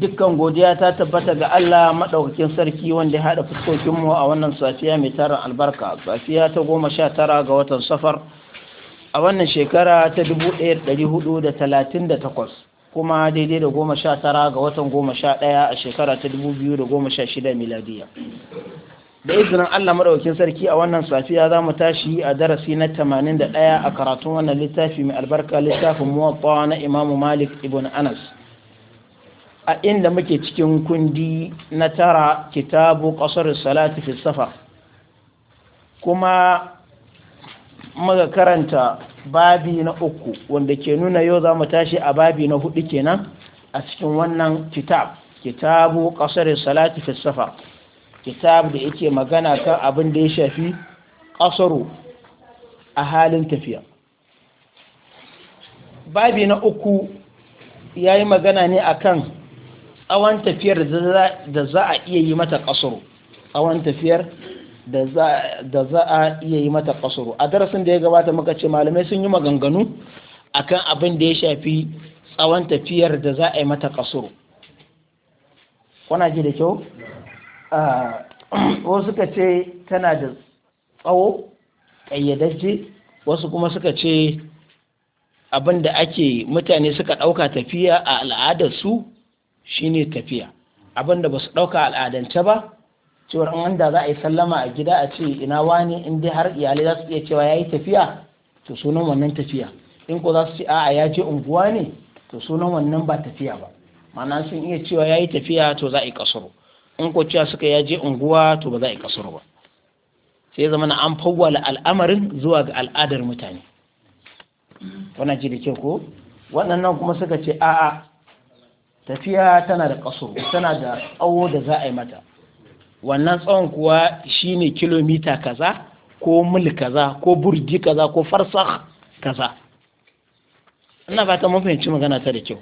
dukkan godiya ta tabbata ga Allah maɗaukakin sarki wanda ya haɗa fuskokinmu a wannan safiya mai tarin albarka safiya ta goma sha tara ga watan safar a wannan shekara ta dubu ɗaya ɗari hudu da talatin da takwas kuma daidai da goma sha tara ga watan goma sha ɗaya a shekara ta dubu biyu da goma sha shida miladiya da izinin Allah maɗaukakin sarki a wannan safiya za mu tashi a darasi na tamanin da ɗaya a karatun wannan littafi mai albarka littafin muwatta na imamu malik ibn anas a inda muke cikin kundi na tara kitabu ƙasar salati fi safar kuma muka karanta babi na uku wanda ke nuna yau za mu tashi a babi na hudu kenan a cikin wannan kitab kitabu ƙasar salati fi safar kitab da yake magana kan abin da ya shafi ƙasaru a halin tafiya babi na uku ya yi magana ne akan tsawon tafiyar da za a iya yi mata kasuru tsawon tafiyar da za a iya yi mata kasuru a darasin da ya gabata muka ce malamai sun yi maganganu akan abin da ya shafi tsawon tafiyar da za a yi mata kasuru kuna ji da kyau wasu suka ce tana da tsawo ƙayyadajje wasu kuma suka ce abin da ake mutane suka ɗauka tafiya a al'adarsu shine tafiya abinda ba su ɗauka al'adance ba cewar an wanda za a yi sallama a gida a ce ina wani in dai har iyalai za su iya cewa ya yi tafiya to sunan wannan tafiya in ko za su ce a'a ya je unguwa ne to sunan wannan ba tafiya ba ma'ana sun iya cewa ya yi tafiya to za a yi kasuru in ko cewa suka ya je unguwa to ba za a yi kasuru ba sai zama na an fawwala al'amarin zuwa ga al'adar mutane wannan ji da kyau ko waɗannan kuma suka ce a'a tafiya tana da kaso tana da tsawo da za a yi mata wannan tsawon kuwa shine kilomita kaza ko mil kaza ko burdi kaza ko farsakh kaza ina fata mun fahimci magana ta da kyau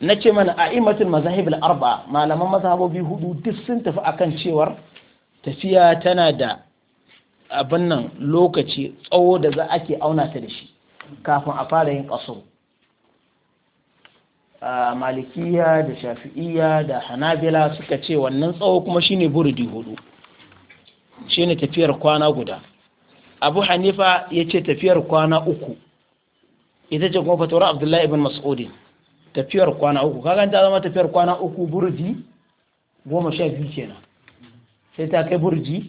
na ce mana a imatul mazahib arba malaman mazhabobi hudu duk sun tafi akan cewar tafiya tana da abin nan lokaci tsawo da za ake auna ta da shi kafin a fara yin kasuru malikiya da shafi'iya da hanabila suka ce wannan tsawo kuma shine burudi hudu shine tafiyar kwana guda abu hanifa ya ce tafiyar kwana uku ita ce kuma fatawar abdullahi ibn mas'udin tafiyar kwana uku kaga ta zama tafiyar kwana uku burji goma sha biyu kenan sai ta kai burji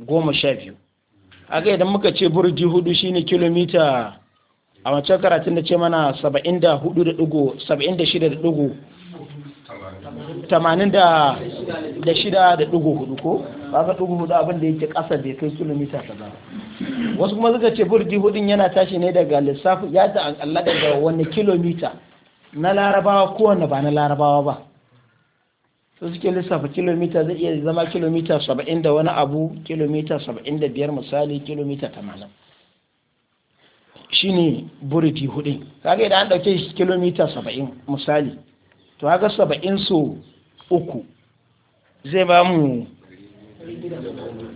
goma sha biyu haka idan muka ce burji hudu shine kilomita a wancan karatun da ce mana 74.86.4 ko ba ka ɗugu hudu abinda yake yake ƙasa bai kai kilomita ta ba wasu kuma suka ce burji hudun yana tashi ne daga lissafi ya ta an kalla daga wani kilomita na larabawa kowanne ba na larabawa ba su suke lissafa kilomita zai iya zama kilomita saba'in da wani abu kilomita saba'in da biyar misali kilomita tamanin shine buriti hudu kaga idan an dauke shi kilomita saba'in misali to haka saba'in so uku zai ba mu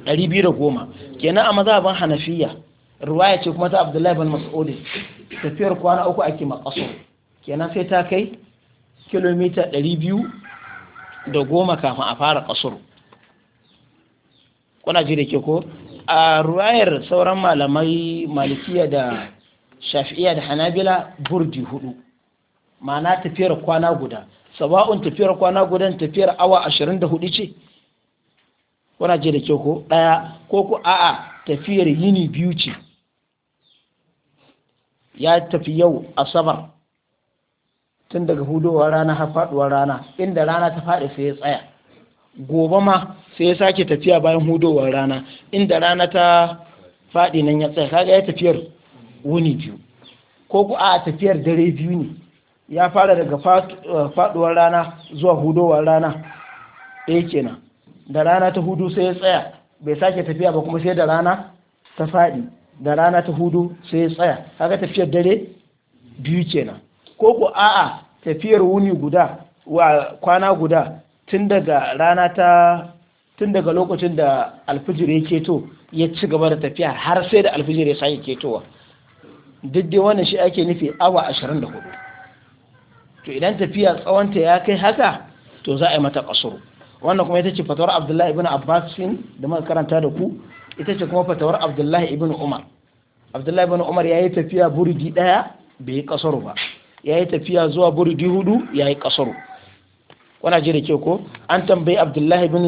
ɗari biyu da goma kenan a mazhaban hanafiya ruwaya ce kuma ta abdullahi bin mas'udin tafiyar kwana uku ake makaso kenan sai ta kai kilomita ɗari biyu da goma kafin a fara kasuru kuna ji da ke ko a ruwayar sauran malamai malikiya da shafi'iya da hanabila burdi hudu ma'ana tafiyar kwana guda sawa'un tafiyar kwana guda tafiyar awa ashirin da hudu ce kuna je da ke ko daya ko ku a'a tafiyar yini biyu ce ya tafi yau asabar tun daga hudowar rana har faduwar rana inda rana ta faɗi sai ya tsaya gobe ma sai ya sake tafiya bayan hudowar rana inda rana ta faɗi nan ya tsaya kaga ya tafiyar wuni biyu ko ku a tafiyar dare biyu ne ya fara daga eh, faduwar rana zuwa hudowar rana ɗaya kenan da rana ta hudu sai ya tsaya bai sake tafiya ba kuma sai da rana ta faɗi da rana ta hudu sai ya tsaya haka tafiyar dare biyu kenan ko ku a'a tafiyar wuni guda wa kwana guda tun daga rana ta tun daga lokacin da alfijir ya keto ya ci gaba da tafiya har sai da alfijir ya sake ketowa duk dai wannan shi ake nufi awa ashirin 24 to idan tafiya tsawonta ya kai haka to za a yi mata kasuru wannan kuma ita ce fatawar abdullahi ibn abbasin da muka karanta da ku ita ce kuma fatawar abdullahi ibn umar abdullahi ibn umar ya yi tafiya buridi daya bai yi kasuru ba ya yi tafiya zuwa buridi hudu ya yi kasuru wana ji da ke ko an tambayi abdullahi ibn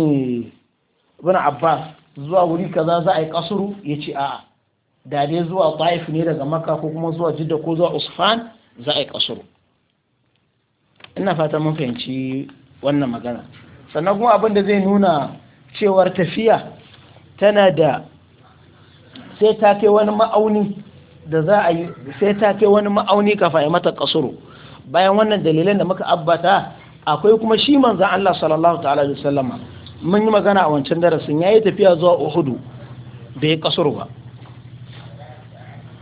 abbas zuwa wuri kaza za a yi kasuru ya ce a'a da dai zuwa ta'if ne daga makka ko kuma zuwa jidda ko zuwa usfan za a yi kasuru ina fata mun fahimci wannan magana sannan kuma abin da zai nuna cewar tafiya tana da sai ta kai wani ma'auni da za a yi sai ta kai wani ma'auni kafa ya mata kasuru bayan wannan dalilan da muka abbata akwai kuma shi manzon Allah sallallahu ta'ala alaihi wasallama mun yi magana a wancan darasin yayi tafiya zuwa Uhudu bai kasuru ba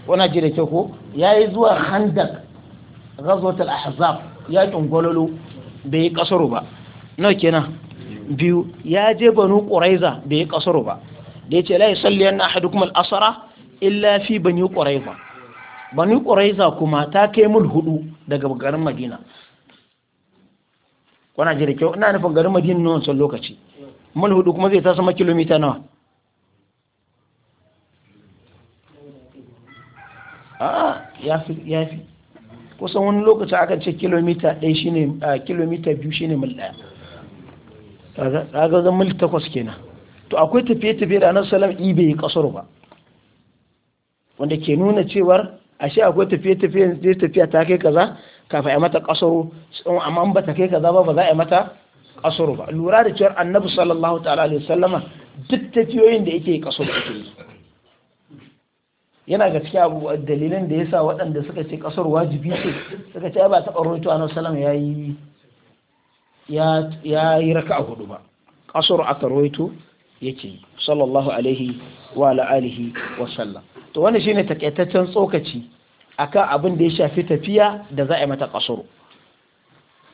wana ji da ke ko ya yi zuwa handak razotar ahzab ya gwalolo bai yi ƙasaru ba nau kenan biyu ya je banu ƙuraiza bai yi ƙasaru ba da ya ce la yusalli na haɗu kuma asara illa fi banu ƙuraiza Banu ƙuraiza kuma ta kai mul hudu daga garin madina wana ji da kyau ina nufin garin madina nan lokaci mul hudu kuma zai tasa ma kilomita nawa ya fi ya fi kusan wani lokaci aka ce kilomita ɗaya shine kilomita biyu shine mil ɗaya ga zan mil takwas kenan to akwai tafiye-tafiye da annabi Salam i bai kasar ba wanda ke nuna cewar ashe akwai tafiye-tafiye da tafiya ta kai kaza kafin a mata kasaro amma an bata kai kaza ba ba za a yi mata kasaro ba lura da cewar annabi sallallahu ta'ala alaihi wasallama duk tafiyoyin da yake kasaro ake yi yana ga cikin abu dalilan da yasa waɗanda suka ce kasar wajibi ce suka ce ba taɓa roto a nasalam ya yi ya yi raka a hudu ba kasar aka yake sallallahu alaihi wa alihi wa sallam to wannan shine takaitaccen tsokaci akan abin da ya shafi tafiya da za a yi mata kasar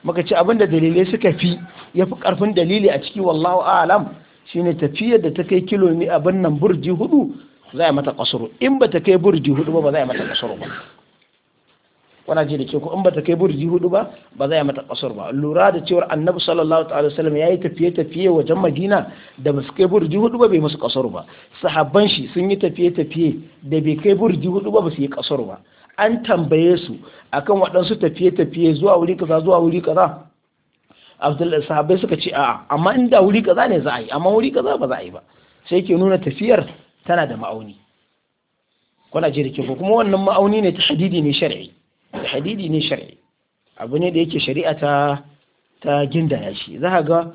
muka ce abin da dalilai suka fi ya fi karfin dalili a ciki wallahu a'lam shine tafiyar da ta kai kilomi abin nan burji hudu za a mata kasuru in ba ta kai burji hudu ba ba za a mata kasuru ba wana ji da ke ko in ba ta kai burji hudu ba ba za a mata kasuru ba lura da cewar annabi sallallahu ta'ala wasallam yayi tafiye tafiye wajen madina da ba su kai burji hudu ba bai musu kasuru ba sahabban shi sun yi tafiye tafiye da bai kai burji hudu ba ba su yi kasuru ba an tambaye su akan waɗansu tafiye tafiye zuwa wuri kaza zuwa wuri kaza abdullahi sahabbai suka ce a'a amma inda wuri kaza ne za a yi amma wuri kaza ba za a yi ba sai ke nuna tafiyar tana da ma'auni kuna ji da kyau kuma wannan ma'auni ne ta hadidi ne shari'i ta hadidi ne shari'i abu ne da yake shari'a ta ta gindaya shi za ga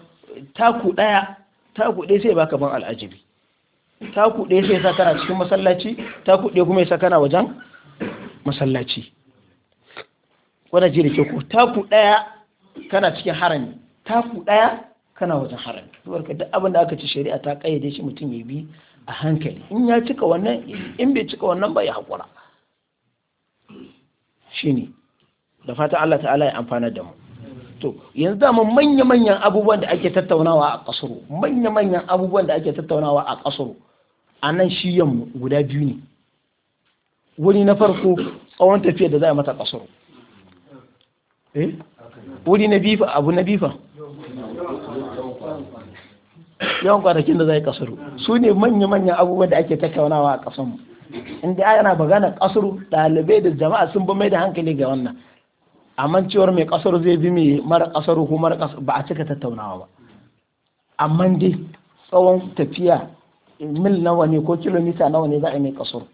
taku daya taku ɗaya sai baka ban al'ajibi taku ɗaya sai sa kana cikin masallaci taku ɗaya kuma yasa kana wajen masallaci kuna ji da kyau ko taku daya kana cikin harami taku daya kana wajen harami saboda duk abin da aka ci shari'a ta kayyade shi mutum ya bi a hankali in ya cika wannan in bai cika wannan ba ya haƙura shi ne da fata Allah ta'ala ya amfana da mu to yanzu mun manya-manyan abubuwan da ake tattaunawa a kasuru manya-manyan abubuwan da ake tattaunawa a kasuru a nan shi yamma guda biyu ne wuri na farko tsawon tafiyar da za a mata kasuru eh? wuri na bifa abu na bifa yawan kwanakin da zai kasuru su ne manya-manya abubuwa da ake tattaunawa a kasar mu inda yana bagana kasuru ɗalibai da jama'a sun bi mai da hankali ga wannan amma cewar mai kasuru zai bi mai mara kasuru ko mara ba a cika tattaunawa ba amma dai tsawon tafiya mil nawa ne ko kilomita nawa ne za a yi mai kasuru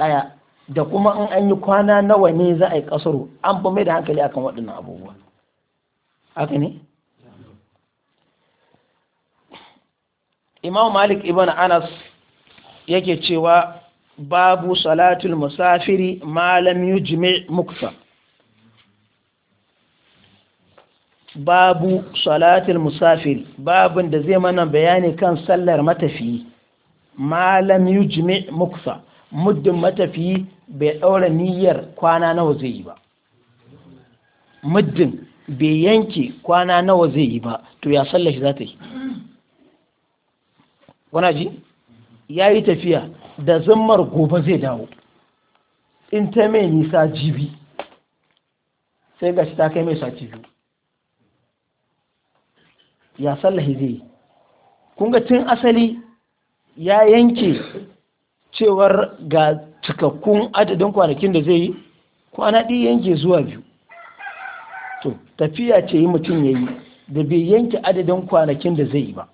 ɗaya da kuma in an yi kwana nawa ne za a yi kasuru an fi mai da hankali akan waɗannan abubuwa haka ne imam malik ibn anas yake cewa babu salatul musafiri malam yujmi muksa babu salatul musafiri babin da zai mana bayani kan sallar matafiyi malam yujmi muksa muddin matafiyi bai daura niyyar kwana nawa zai yi ba muddin bai yanke kwana nawa zai yi ba to ya sallar shi za yi wana ji ya yi tafiya da zammar gobe zai dawo in ta mai nisa jibi sai shi ta kai mai sati biyu ya sallahi zai yi kun tun asali ya yanke cewar ga cikakkun adadin kwanakin da zai yi kwana ɗi yanke zuwa biyu to tafiya ce yi mutum ya yi da bai yanke adadin kwanakin da zai yi ba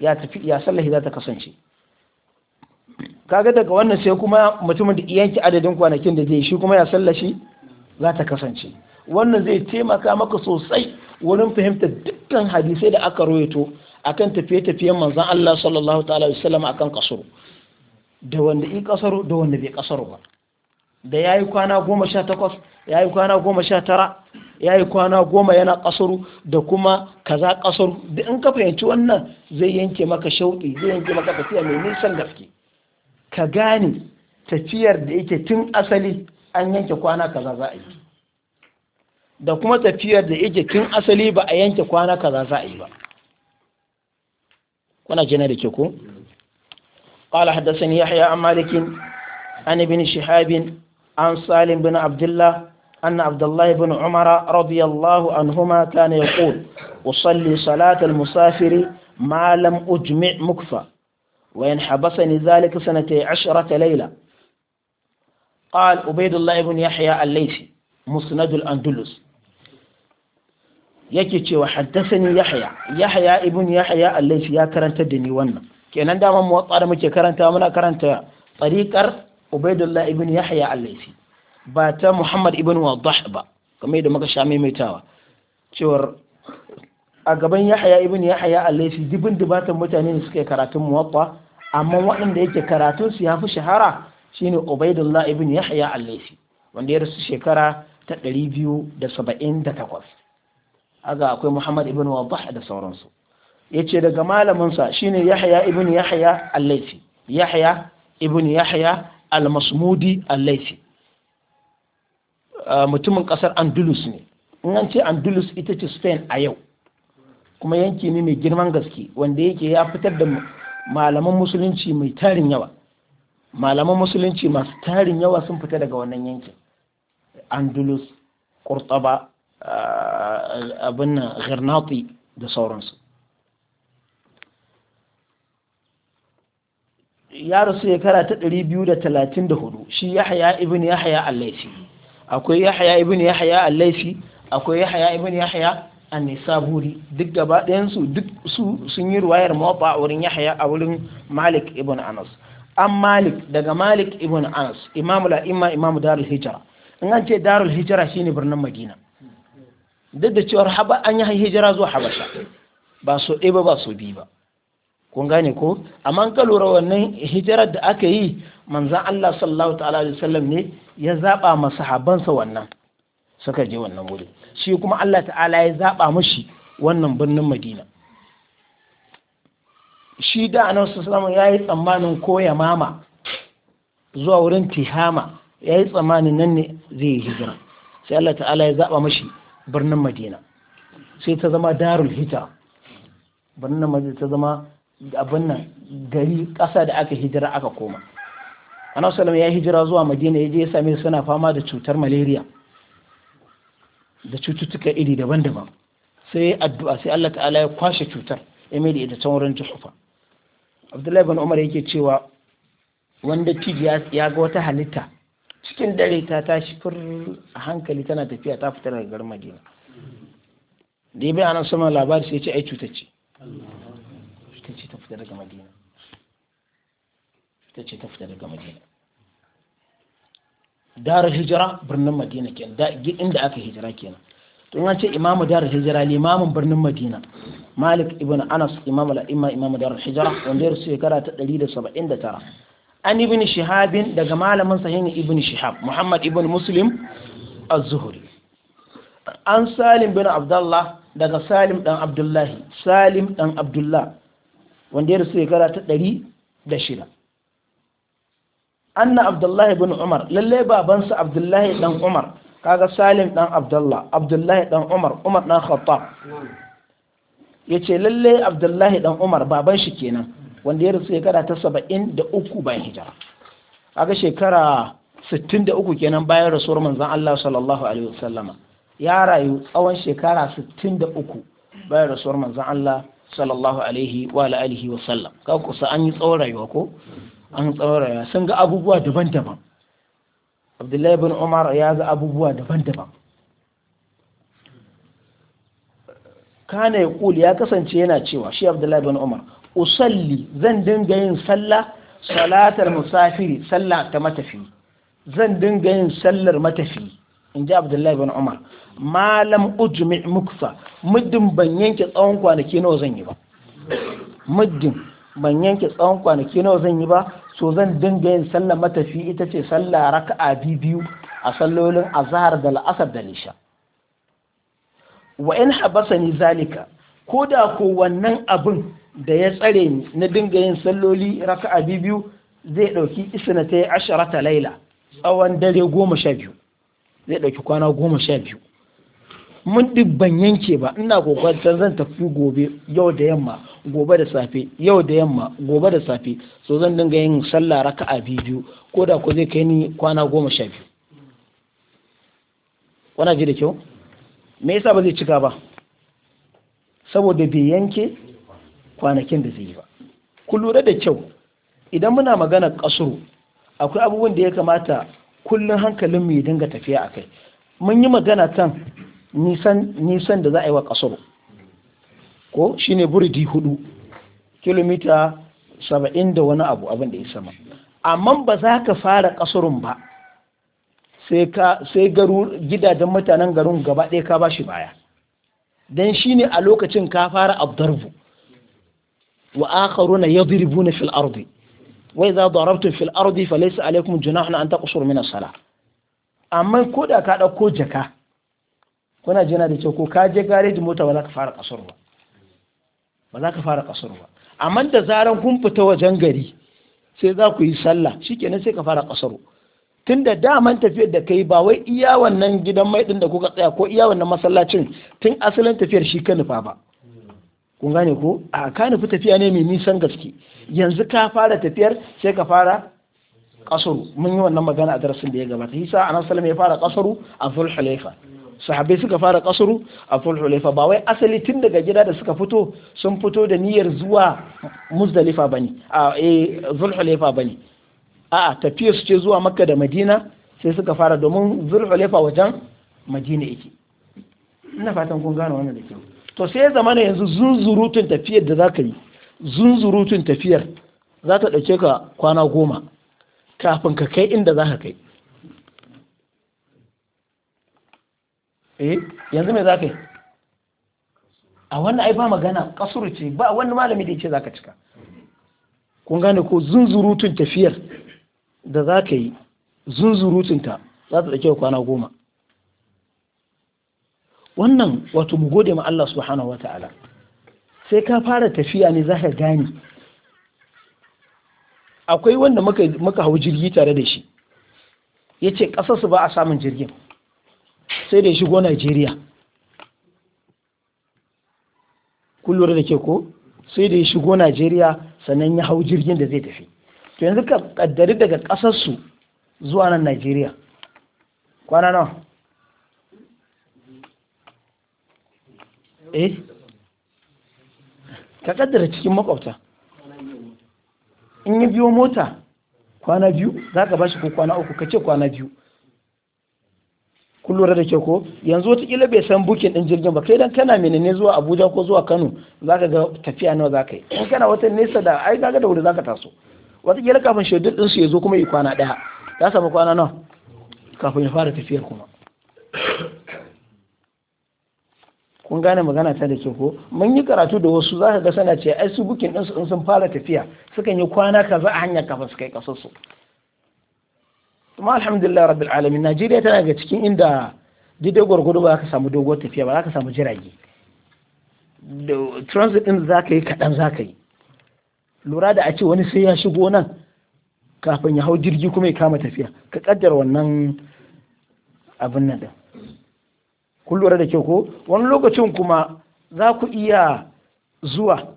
ya tafi ya sallahi za ta kasance kaga daga wannan sai kuma mutumin da yanki adadin kwanakin da zai shi kuma ya sallashi za ta kasance wannan zai taimaka maka sosai wurin fahimtar dukkan hadisai da aka roito akan tafiye-tafiyen manzon Allah sallallahu ta'ala wasallam akan kasaro da wanda i kasaro da wanda bai kasaro ba da yayi kwana 18 yayi kwana 19 ya yi kwana goma yana kasar da kuma kaza kasar da in ka fahimci wannan zai yanke maka shauƙi zai yanke maka tafiya mai nisan gaske ka gane tafiyar da yake tun asali an yanke kwana kaza za a yi da kuma tafiyar da yake tun asali ba a yanke kwana kaza za a yi ba kuna jina da ke ko قال حدثني يحيى عن مالك عن ابن شهاب عن سالم بن عبد الله أن عبد الله بن عمر رضي الله عنهما كان يقول أصلي صلاة المسافر ما لم أجمع مكفى وإن حبسني ذلك سنتي عشرة ليلة قال عبيد الله بن يحيى الليثي مسند الأندلس yake cewa haddasani yahya yahya ibn yahya al ya karanta da ni wannan kenan da mu da muke karanta muna karanta tariqar ubaidullah ibn yahya al ba ta Muhammad ibn Wadah ba kamar da muka sha maimaitawa cewar a gaban Yahya ibn Yahya al dibin dibatan mutane ne suka karatun Muwatta amma waɗanda yake karatun su yafi shahara shine Ubaidullah ibn Yahya al wanda ya rasu shekara ta 278 aga akwai Muhammad ibn Wadah da sauransu yace daga malamin sa shine Yahya ibn Yahya al yahaya Yahya ibn Yahya al-Masmudi Eh, mutumin kasar andalus ne in an ce andalus ita ce spain a yau kuma yanki ne mai girman gaske wanda yake ya fitar da malaman musulunci mai tarin yawa malaman musulunci masu tarin yawa sun fita daga wannan yankin andalus kurtaba eh, abin nan da sauransu ya rasu shekara ta hudu shi yahya ibn yahaya al-laisi akwai Yahaya ibn Yahaya al Laisi, akwai Yahaya ibn Yahaya an-nisaburi duk gaba ɗayan su duk su sun yi ruwayar mawafa a wurin yahya a wurin malik ibn anas an malik daga malik ibn anas imamu la'imma imamu darul hijra in an ce darul hijra shine birnin madina duk da cewar haba an yi hijira zuwa habasha ba so ɗaya ba ba so biyu ba kun gane ko amma an ka lura wannan hijirar da aka yi manzan Allah sallallahu ta'ala alaihi sallam ne ya zaɓa masu habansa wannan suka je wannan wuri shi kuma Allah ta'ala ya zaɓa mashi wannan birnin Madina shi da nan sallallahu ya yi tsammanin koya mama zuwa wurin Tihama ya yi tsammanin nan ne zai yi hijira sai Allah ta'ala ya zaɓa mashi birnin Madina sai ta zama darul hita birnin Madina ta zama abin nan gari ƙasa da aka hijira aka koma annabi sallallahu ya hijira zuwa madina ya je ya same suna fama da cutar malaria da cututtuka iri daban-daban sai addu'a sai Allah ta'ala ya kwashe cutar ya mai da ita can wurin juhufa abdullahi ibn umar yake cewa wanda tiji ya ga wata halitta cikin dare ta tashi fur a hankali tana tafiya ta fita daga garin madina da ya bai anan sama labari sai ce ai cuta ce cuta ce ta fita daga madina cuta ce ta fita daga madina darar hijira birnin madina kenan inda aka hijira kenan to an ce imamu darar hijira limamin birnin madina malik ibn anas imamu la'imma imamu darar hijira wanda ya rasu shekara ta 179 an ibn shihabin daga malamin sahihin ibn shihab muhammad ibn muslim az-zuhri an salim bin abdullah daga salim dan abdullahi salim dan abdullah wanda ya rasu shekara ta shida. anna abdullahi bin umar lalle babansa abdullahi dan umar kaga salim dan abdullah abdullahi dan umar umar dan khattab yace lalle abdullahi dan umar baban shi kenan wanda ya rasu shekara ta 73 bayan hijira kaga shekara 63 kenan bayan rasuwar manzon Allah sallallahu alaihi wasallama ya rayu tsawon shekara 63 bayan rasuwar manzon Allah sallallahu alaihi wa alihi wasallam kaga kusa an yi tsawon rayuwa ko an tsauraya sun ga abubuwa daban-daban abdullahi bin umar ya ga abubuwa daban-daban kana ya kuli ya kasance yana cewa shi abdullahi bin umar usalli zan dinga yin sallah salatar musafiri sallah ta matafi zan dinga yin sallar matafi in ji abdullahi bin umar malam ujmi muksa muddin ban yanke tsawon kwanaki nawa zan yi ba muddin ban yanke tsawon kwanaki nawa zan yi ba so zan dinga yin sallar matafi ita ce sallah raka'a biyu a sallolin azhar da la'asar da nisha wa in habasani zalika ko da ko wannan abin da ya tsare ni na dinga yin salloli raka'a biyu zai dauki isnatay asharata laila tsawon dare goma sha biyu zai dauki kwana goma sha biyu mun duk ban yanke ba ina kokwantar zan tafi gobe yau da yamma gobe da safe yau da yamma gobe da safe so zan dinga yin sallah raka'a biyu ko da ko zai kai ni kwana goma sha biyu wana ji da kyau me yasa ba zai cika ba saboda bai yanke kwanakin da zai yi ba ku lura da kyau idan muna magana kasuru akwai abubuwan da ya kamata kullum hankalin mu ya dinga tafiya a kai. mun yi magana kan nisan da za a yi wa kasuru ko shine buridi hudu kilomita saba'in da wani abu abin da ya sama amma ba za ka fara kasurun ba sai gidajen mutanen garin gaba ɗaya ka ba shi baya don shine a lokacin ka fara abdarbu wa akharuna yadribuna fil ardi wa idza darabtum fil ardi falaysa alaykum junahun an taƙa min as-salah amma ko da ka dauko jaka kuna jina da ce ko ka je gareji mota ba za ka fara ƙasar ba ba za ka fara kasar ba amma da zaran kun fita wajen gari sai za ku yi sallah kenan sai ka fara kasar da daman tafiyar da kai ba wai iya wannan gidan mai din da kuka tsaya ko iya wannan masallacin tun asalin tafiyar shi ka nufa ba kun gane ko a ka nufi tafiya ne mai nisan gaske yanzu ka fara tafiyar sai ka fara kasaru mun yi wannan magana a darasin da ya gabata hisa anan salama ya fara kasaru a zulhulaifa sahabbai suka fara kasuru a fulhulaifa ba wai asali tun daga gida da suka fito sun fito da niyyar zuwa muzdalifa ne a zulhulaifa eh, ne a'a tafiyar su ce zuwa makka da madina sai suka fara domin zulhulaifa wajen madina yake ina fatan kun gane wannan da kyau to sai ya zama yanzu zunzurutun tafiyar da za ka yi zunzurutun tafiyar za ta ɗauke ka kwana goma kafin ka kai inda za ka kai eh yanzu me za ka yi a wannan ai ba magana kasuru ce ba wani malami da ce za ka cika kun gane ko zunzurutun tafiyar da za ka yi zunzurutunta za ta ɗauke kwana goma wannan wato mu gode ma Allah subhanahu wata'ala sai ka fara tafiya ne za ka gane akwai wanda muka hau jirgi tare da shi ya ce ƙasarsu ba a samun jirgin sai da ya shigo Najeriya kullum da ke ko sai da ya shigo Najeriya sannan ya hau jirgin da zai tafi to yanzu ka kaddari daga ƙasarsu zuwa nan Najeriya kwana nawa eh ka kaddara cikin makwabta in ya biyo mota kwana biyu za ka ba shi ko kwana uku ka ce kwana biyu kun lura da ke ko yanzu wataƙila bai san bukin ɗin jirgin ba kai dan kana menene zuwa abuja ko zuwa kano za ka ga tafiya nawa za ka yi in kana wata nesa da ai ga da wuri ka taso wataƙila kafin shaidul ɗin su ya zo kuma yi kwana ɗaya ya samu kwana nawa kafin ya fara tafiyar kuma kun gane magana ta da ke ko mun yi karatu da wasu za ka ga sana ce ai su bukin ɗinsu su sun fara tafiya sukan yi kwana kaza a hanyar kafin su kai su. kuma alhamdulillah rabbil alamin najeriya tana daga cikin inda daidai gwargwado ba ka samu doguwar tafiya ba za ka samu jirage transit din za ka yi kaɗan za ka yi lura da a ce wani sai ya shigo nan kafin ya hau jirgi kuma ya kama tafiya ka kaddar wannan abin nan da. kun lura da kyau ko wani lokacin kuma za ku iya zuwa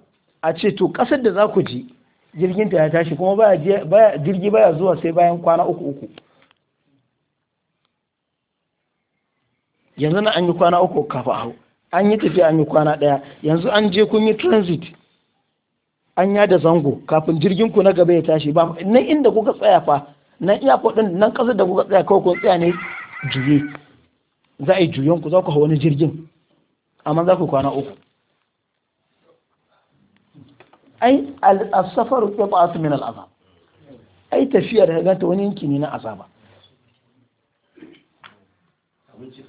a ce to ƙasar da za ku ji jirgin ta ya tashi kuma jirgi baya zuwa sai bayan kwana uku uku yanzu na an yi kwana uku kafa hau an yi tafiya an yi kwana ɗaya yanzu an je kun yi transit an yada zango kafin jirgin ku na gaba ya tashi ba nan inda kuka tsaya fa nan ko din nan ƙasar da kuka tsaya kawai kun tsaya ne juye za a yi juyon ku za ku hau wani jirgin amma za ku kwana uku ai al-safar yab'atu min al-azab ai tafiya da ganta wani yanki ne na azaba abinci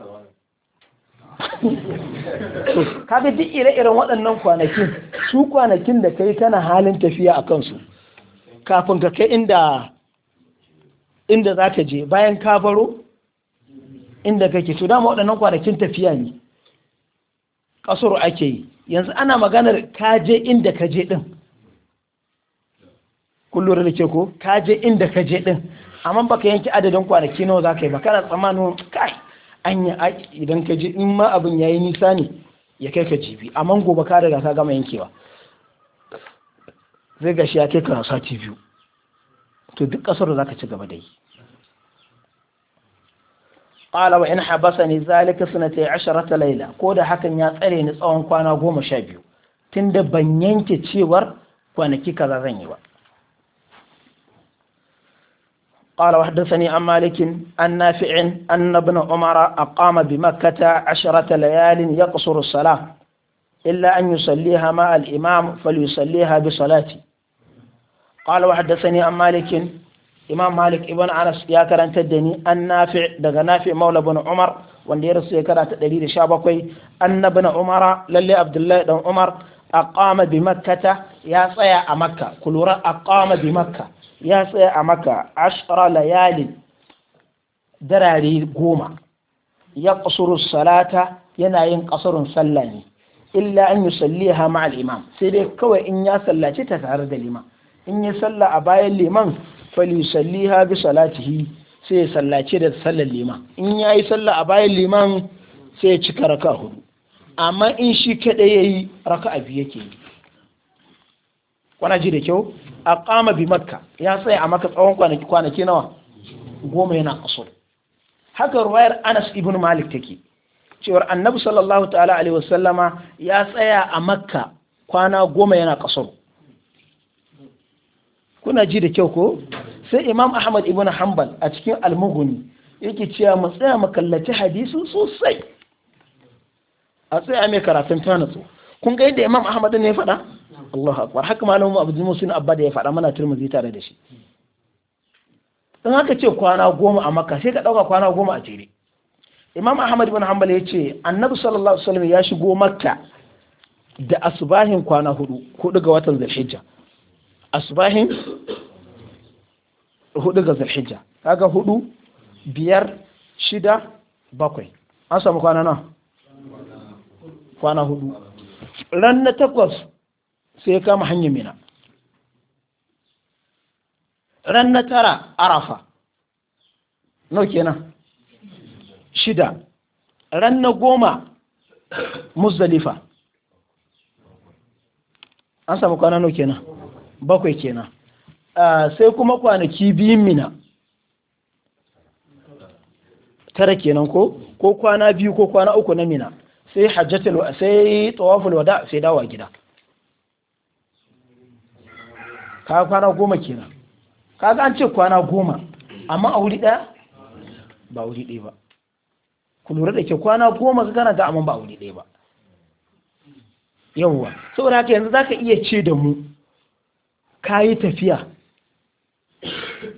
kaga duk ire-iren waɗannan kwanakin su kwanakin da kai tana halin tafiya a kansu kafin ka kai inda za ka je bayan ka baro inda kake to dama waɗannan kwanakin tafiya ne ƙasar ake yi yanzu ana maganar ka je inda ka je ɗin kullum da ke ko ka je inda ka je ɗin amma baka yanki adadin kwanaki nawa za ka yi ba kana tsammanin kai An anya idan ka ji in ma abin ya yi nisa ne ya kai ka jibi amma gobe ka riga ka gama yankewa zai gashi ya kai ka sati biyu to duk kasar da ka ci gaba da yi ƙala wa in ta zalika ashirar ta laila ko da hakan ya tsare ni tsawon kwana goma sha biyu tunda ban yanke cewar kwanaki kaza zan yi ba قال وحدثني عن مالك عن نافع أن ابن عمر أقام بمكة عشرة ليال يقصر الصلاة إلا أن يصليها مع الإمام فليصليها بصلاتي قال وحدثني عن مالك إمام مالك ابن أنس يا كرنت الدني النافع دغ نافع مولى بن عمر وندير السيكرة تدليل شابكوي أن ابن عمر للي عبد الله بن عمر أقام بمكة يا صيا مكة كل أقام بمكة ya tsaya a maka ashara layalin darare goma ya ƙasuru salata yana yin ƙasarun sallah ne illa an yi salliha ma al'imam sai dai kawai in ya sallace ta tare da liman in ya salla a bayan liman fali salliha bi salatihi sai ya sallace da sallar liman in ya yi salla a bayan liman sai ya cika raka hudu amma in shi kaɗai ya yi raka abu yake yi kwana ji da kyau a kama bi makka ya tsaya a maka tsawon kwanaki kwanaki nawa goma yana asur haka ruwayar anas ibn malik take cewar annabi sallallahu ta'ala alaihi wasallama ya tsaya a makka kwana goma yana kasar kuna ji da kyau ko sai imam ahmad ibn hanbal a cikin almuguni yake cewa mu tsaya mu kallaci hadisi sosai a tsaya mai karatun tanatsu kun ga yadda imam ahmad ne ya faɗa Allahu akbar haka abu Abdul sun Abba da ya faɗa mana Tirmidhi tare da shi dan haka ce kwana goma a Makka sai ka dauka kwana goma a jere Imam Ahmad ibn Hanbal ya ce Annabi sallallahu alaihi wasallam ya shigo Makka da asbahin kwana hudu hudu ga watan Zulhijja asbahin hudu ga Zulhijja kaga hudu biyar shida bakwai an samu kwana na kwana hudu ran na takwas sai ya kama hanyar mina ran na tara arafa no kenan shida ran na goma muzalifa an samu kwana no kenan bakwai kenan sai kuma kwanaki biyun mina tara kenan ko ko kwana biyu ko kwana uku na mina sai hajjatul sai tawaful wada sai dawa gida ka kwana goma kenan kaga an ce kwana goma amma a wuri ɗaya ba wuri ɗaya ba ku lura da ke kwana goma ka karanta amma ba a wuri ɗaya ba yawwa saboda haka yanzu za ka iya ce da mu ka yi tafiya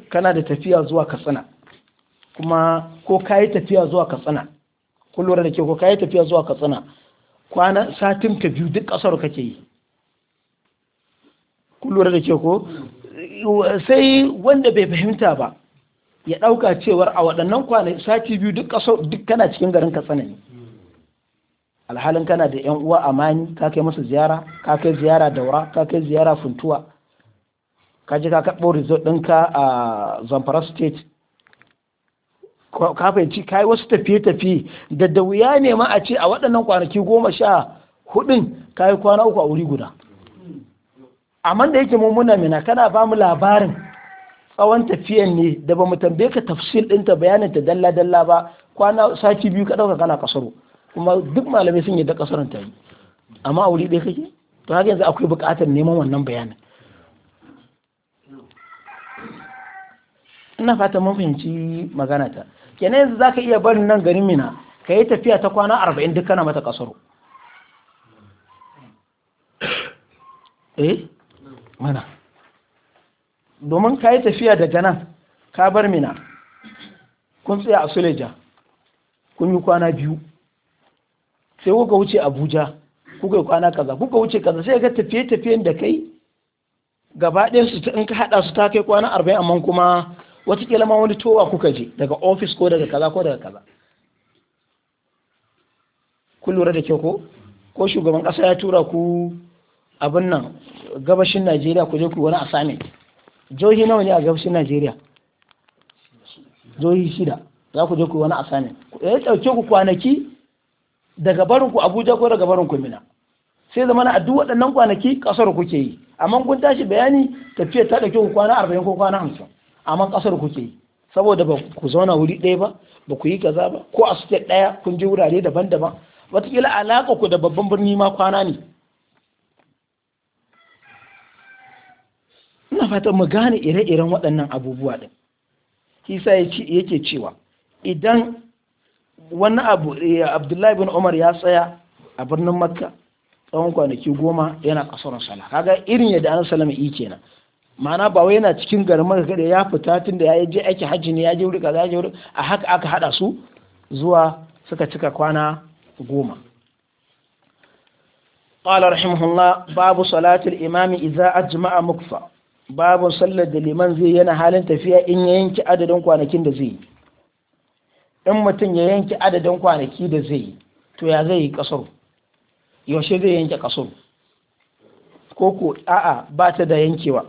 kana da tafiya zuwa katsina kuma ko ka yi tafiya zuwa katsina ku lura da ke ko ka yi tafiya zuwa katsina kwana satin ka biyu duk ƙasar kake yi kun da ke ko sai wanda bai fahimta ba ya ɗauka cewar a waɗannan kwanaki sati biyu duk ƙasar duk kana cikin garin ka tsanani. alhalin kana da yan uwa amani ka kai masa ziyara ka kai ziyara daura ka kai ziyara funtuwa ka ji ka kaɓo resort ɗinka a zamfara state ka fahimci ka yi wasu tafiye-tafiye da da wuya ne ma a ce a waɗannan kwanaki goma sha hudun ka yi kwana uku a wuri guda amma da yake mummuna mina kana ba mu labarin tsawon tafiyan ne da ba mu tambaye ka tafsir ɗinta bayanin ta dalla dalla ba kwana sati biyu ka ɗauka kana kasaro kuma duk malamai sun yi da kasaron ta yi amma a wuri ɗaya kake to haka yanzu akwai buƙatar neman wannan bayanin ina fata mun fahimci magana ta kenan yanzu zaka iya barin nan garin mina ka yi tafiya ta kwana arba'in duk kana mata kasaro eh mana domin ka yi tafiya daga nan ka bar mina kun tsaye a suleja kun yi kwana biyu sai kuka wuce abuja kuka yi kwana kaza kuka wuce kaza sai ka tafiye-tafiyen da kai gaba ɗaya su in ka haɗa su ta kai kwana arba'in amma kuma watakila ma wani towa kuka je daga ofis ko daga kaza ko daga kaza kun lura da ke ko ko shugaban ƙasa ya tura ku abin nan gabashin Najeriya ku je ku wani asamin, jihohi nawa ne a gabashin Najeriya jihohi shida za ku je ku wani asamin ya eh, ɗauke ku kwanaki daga barin ku Abuja ko daga barin ku Mina sai zama a duk waɗannan kwanaki ƙasar kuke yi amma kun tashi bayani tafiya ta ɗauke ku kwana arba'in ko kwana hamsin amma ƙasar kuke yi saboda ba ku zauna wuri ɗaya ba ba ku yi kaza ba ko a suke ɗaya kun je wurare daban-daban wataƙila alaƙa ku da babban birni ma kwana ne ina fatan mu gane ire-iren waɗannan abubuwa ɗin hisa yake cewa idan wani abu eh, abdullahi bin umar ya tsaya a birnin makka tsawon kwanaki goma yana kasar sala kaga irin yadda an salama yi kenan ma'ana ba wai yana cikin garin makka ya fita tun da ya je aiki hajji ne ya je wuri kaza ya wuri a haka aka hada su zuwa suka cika kwana goma قال رحمه الله باب صلاة الإمام إذا أجمع مكفى Babu sallar da liman zai yana halin tafiya in ya yanki adadin kwanakin da zai yi in mutum ya yanki adadin kwanaki da zai yi to ya zai yi kasar yaushe zai yanke kasar ko ko a'a ba ta da yankewa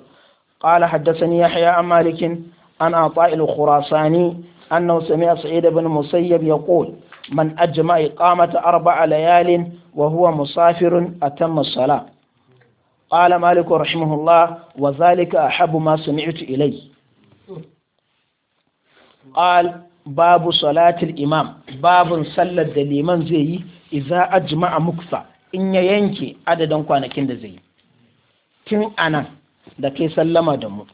qala haddathani yahya an malikin an ata'il khurasani annahu sami'a sa'id ibn musayyab yaqul man ajma'a iqamata arba'a layalin wa huwa musafirun atamma salat qala maliku rahimahullah wa zalika ahabu ma sami'tu ilay qal babu salatil imam Babu sallar da liman zai yi idza ajma'a muksa in ya yanke adadin kwanakin da zai yi tun anan da kai sallama da mu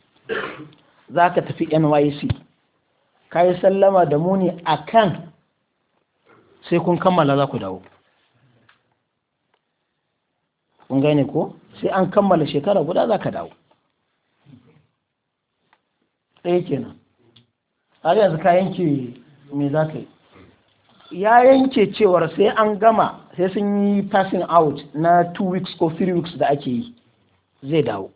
zaka tafi NYC kai sallama da mu ne akan sai kun kammala za ku dawo kun gane ko sai an kammala shekara guda za ka dawo ɗaya kenan a yanzu ka yanke me za ka yi ya yanke cewar sai an gama sai sun yi passing out na two weeks ko three weeks da ake yi zai dawo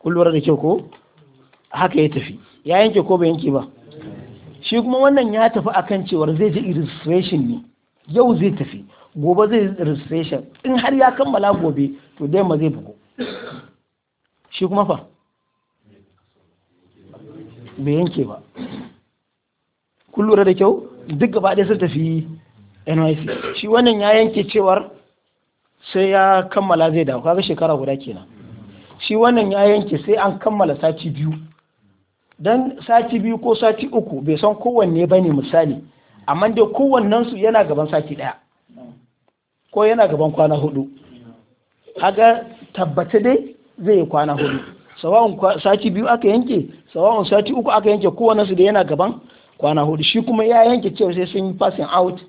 kullum da kyau ko haka ya tafi ya yanke ko bai yanke ba shi kuma wannan ya tafi akan cewar zai je registration ne yau zai tafi gobe zai registration in har ya kammala gobe to dai ma zai bugu shi kuma fa bai yanke ba kun lura da kyau duk gaba ɗaya sun tafi nyc shi wannan ya yanke cewar sai ya kammala zai dawo kaga shekara guda kenan shi wannan ya yanke sai an kammala sati biyu dan sati biyu ko sati uku bai san kowanne ba ne misali amma dai kowannensu yana gaban sati ɗaya ko yana gaban kwana hudu haga tabbata dai zai yi kwana hudu sawa'un sati biyu aka yanke sawa'un sati uku aka yanke kowane su da yana gaban kwana hudu shi kuma ya yanke cewa sai sun yi passing out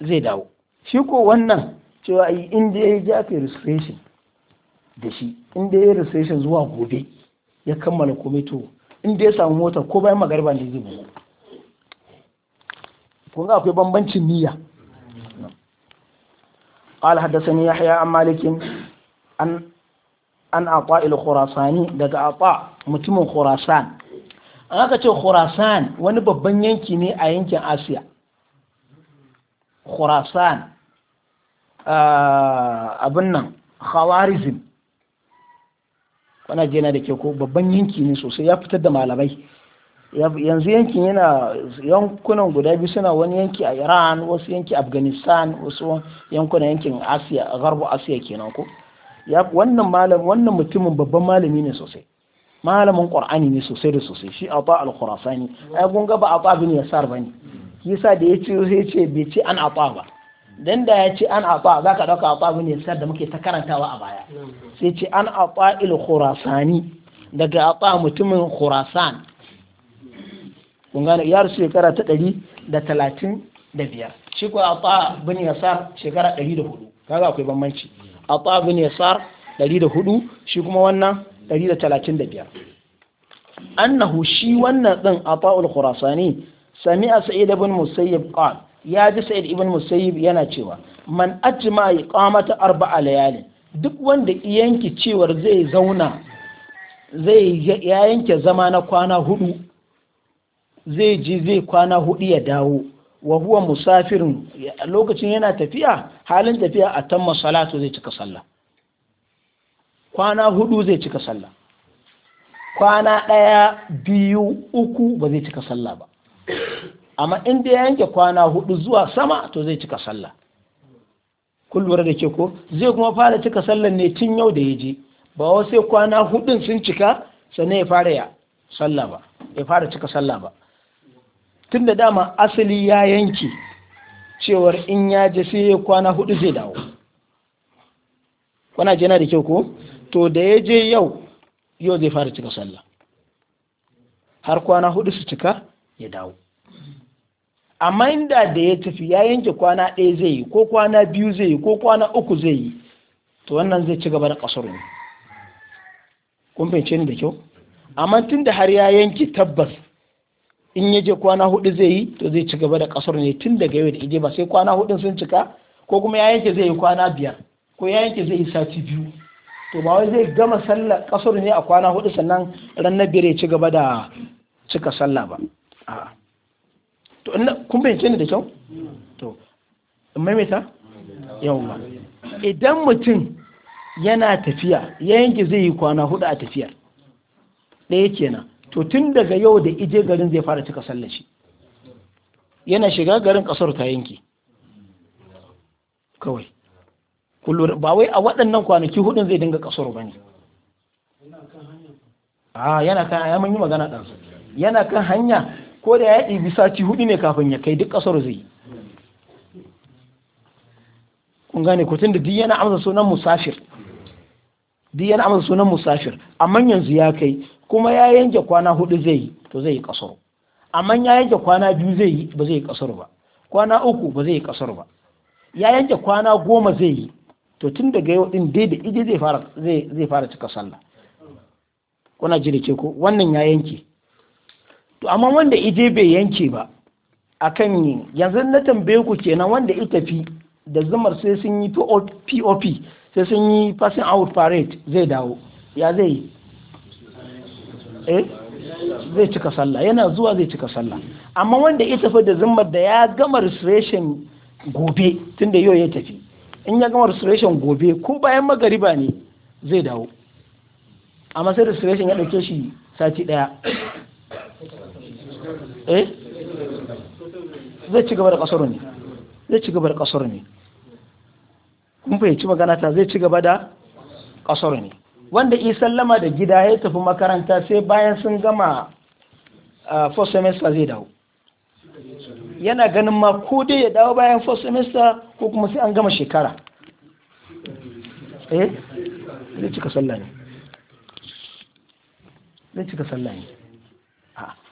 zai dawo shi ko wannan cewa inda ya yi jafe restoration da shi inda ya yi restoration zuwa gobe ya kammala komai to inda ya samu mota ko bayan magarba ne zai bugu kun ga akwai bambancin niyya قال حدثني يحيى عن مالك عن عن عطاء الخراساني دغ عطاء متمن خراسان an aka ce khurasan wani babban yanki ne a yankin asiya khurasan abin nan khawarizm kwana jena da ke ko babban yanki ne sosai ya fitar da malamai yanzu yankin yana yankunan guda biyu suna wani yanki a iran wasu yanki afghanistan wasu yankunan yankin asiya a garbu asiya kenan ko wannan mutumin babban malami ne sosai malamin qur'ani ne sosai da sosai shi ata al-khurasani ai kun ga ba ata bin yasar bane yasa da yace sai ce bai ce an ata ba dan da ya ce an ata zaka dauka ata bin yasar da muke ta karantawa a baya sai ce an ata il-khurasani daga ata mutumin khurasan kun gane ya rasu shekara ta ɗari da talatin da biyar shi ko ta bin yasar shekara ɗari da hudu kaga akwai bambanci ta bin yasar ɗari da hudu shi kuma wannan ɗari da talatin da biyar annahu shi wannan ɗin ata'ul khurasani sami'a sa'id ibn musayyib qal ya ji sa'id ibn musayyib yana cewa man ajma iqamata arba'a layali. duk wanda yanki cewar zai zauna zai ya yanke zama na kwana hudu zai ji zai kwana hudu ya dawo wa huwa musafirin lokacin yana tafiya halin tafiya a tamma salatu zai cika sallah kwana hudu zai cika sallah kwana ɗaya biyu uku ba zai cika sallah ba amma inda ya yanke kwana hudu zuwa sama to zai cika sallah kun lura da ke ko zai kuma fara cika sallah ne tun yau da ya je ba wasu sai kwana hudun sun cika sannan ya fara ya sallah ba ya fara cika sallah ba tun da dama asali ya yanke cewar in ya je sai ya kwana hudu zai dawo kwana jana da kyau ko to da ya je yau yau zai fara cika sallah har kwana hudu su cika ya dawo amma inda da ya tafi ya yanke kwana ɗaya zai yi ko kwana biyu zai yi ko kwana uku zai yi to wannan zai ci gaba da ƙasar ne kun fahimce ni da kyau amma tun da har ya yanke tabbas in ya je kwana hudu zai yi to zai ci gaba da kasar ne tun daga yau da ije ba sai kwana hudun sun cika ko kuma ya yanke zai yi kwana biyar ko ya yanke zai yi sati biyu to ba wai zai gama sallar kasar ne a kwana hudu sannan ran biyar ya ci gaba da cika sallah ba a'a to kun bayyance ni da kyau to maimaita yawwa idan mutum yana tafiya ya yanke zai yi kwana hudu a tafiyar ɗaya kenan to tun daga yau da ije garin zai fara cika sallar shi yana shiga garin kasar ta yanki kawai kullum ba wai a waɗannan kwanaki hudun zai dinga kasar ba ne a yana kan ya mun yi magana ɗansu yana kan hanya ko da ya ɗibi sati hudu ne kafin ya kai duk kasar zai yi kun gane ko tun da duk yana amsa sunan musafir duk yana amsa sunan musafir amma yanzu ya kai kuma ya yanke kwana hudu zai yi to zai yi kasar amma ya yanke kwana biyu zai yi ba zai yi kasar ba kwana uku ba zai yi kasar ba ya yanke kwana goma zai yi to tun daga yau din dai da ije zai fara zai zai fara cika sallah kuna ji da ke ko wannan ya yanke to amma wanda ije bai yanke ba akan yanzu na tambaye ku kenan wanda ita fi da zumar sai sun yi pop sai sun yi passing out parade zai dawo ya zai eh zai cika sallah yana zuwa zai cika sallah amma wanda ya tafi da zimmar da ya gama restoration gobe tun da yau ya tafi in ya gama restoration gobe ko bayan magariba ne zai dawo amma sai restoration ya dauke shi sati daya eh zai ci gaba da kasar ne zai ci gaba da kasar ne kun fahimci magana ta zai ci gaba da kasar ne wanda sallama da gida ya tafi makaranta sai bayan sun gama first semester zai dawo yana ganin ma ko dai ya dawo bayan first semester ko kuma sai an gama shekara eh zai cika sallah ne zai cika sallah ne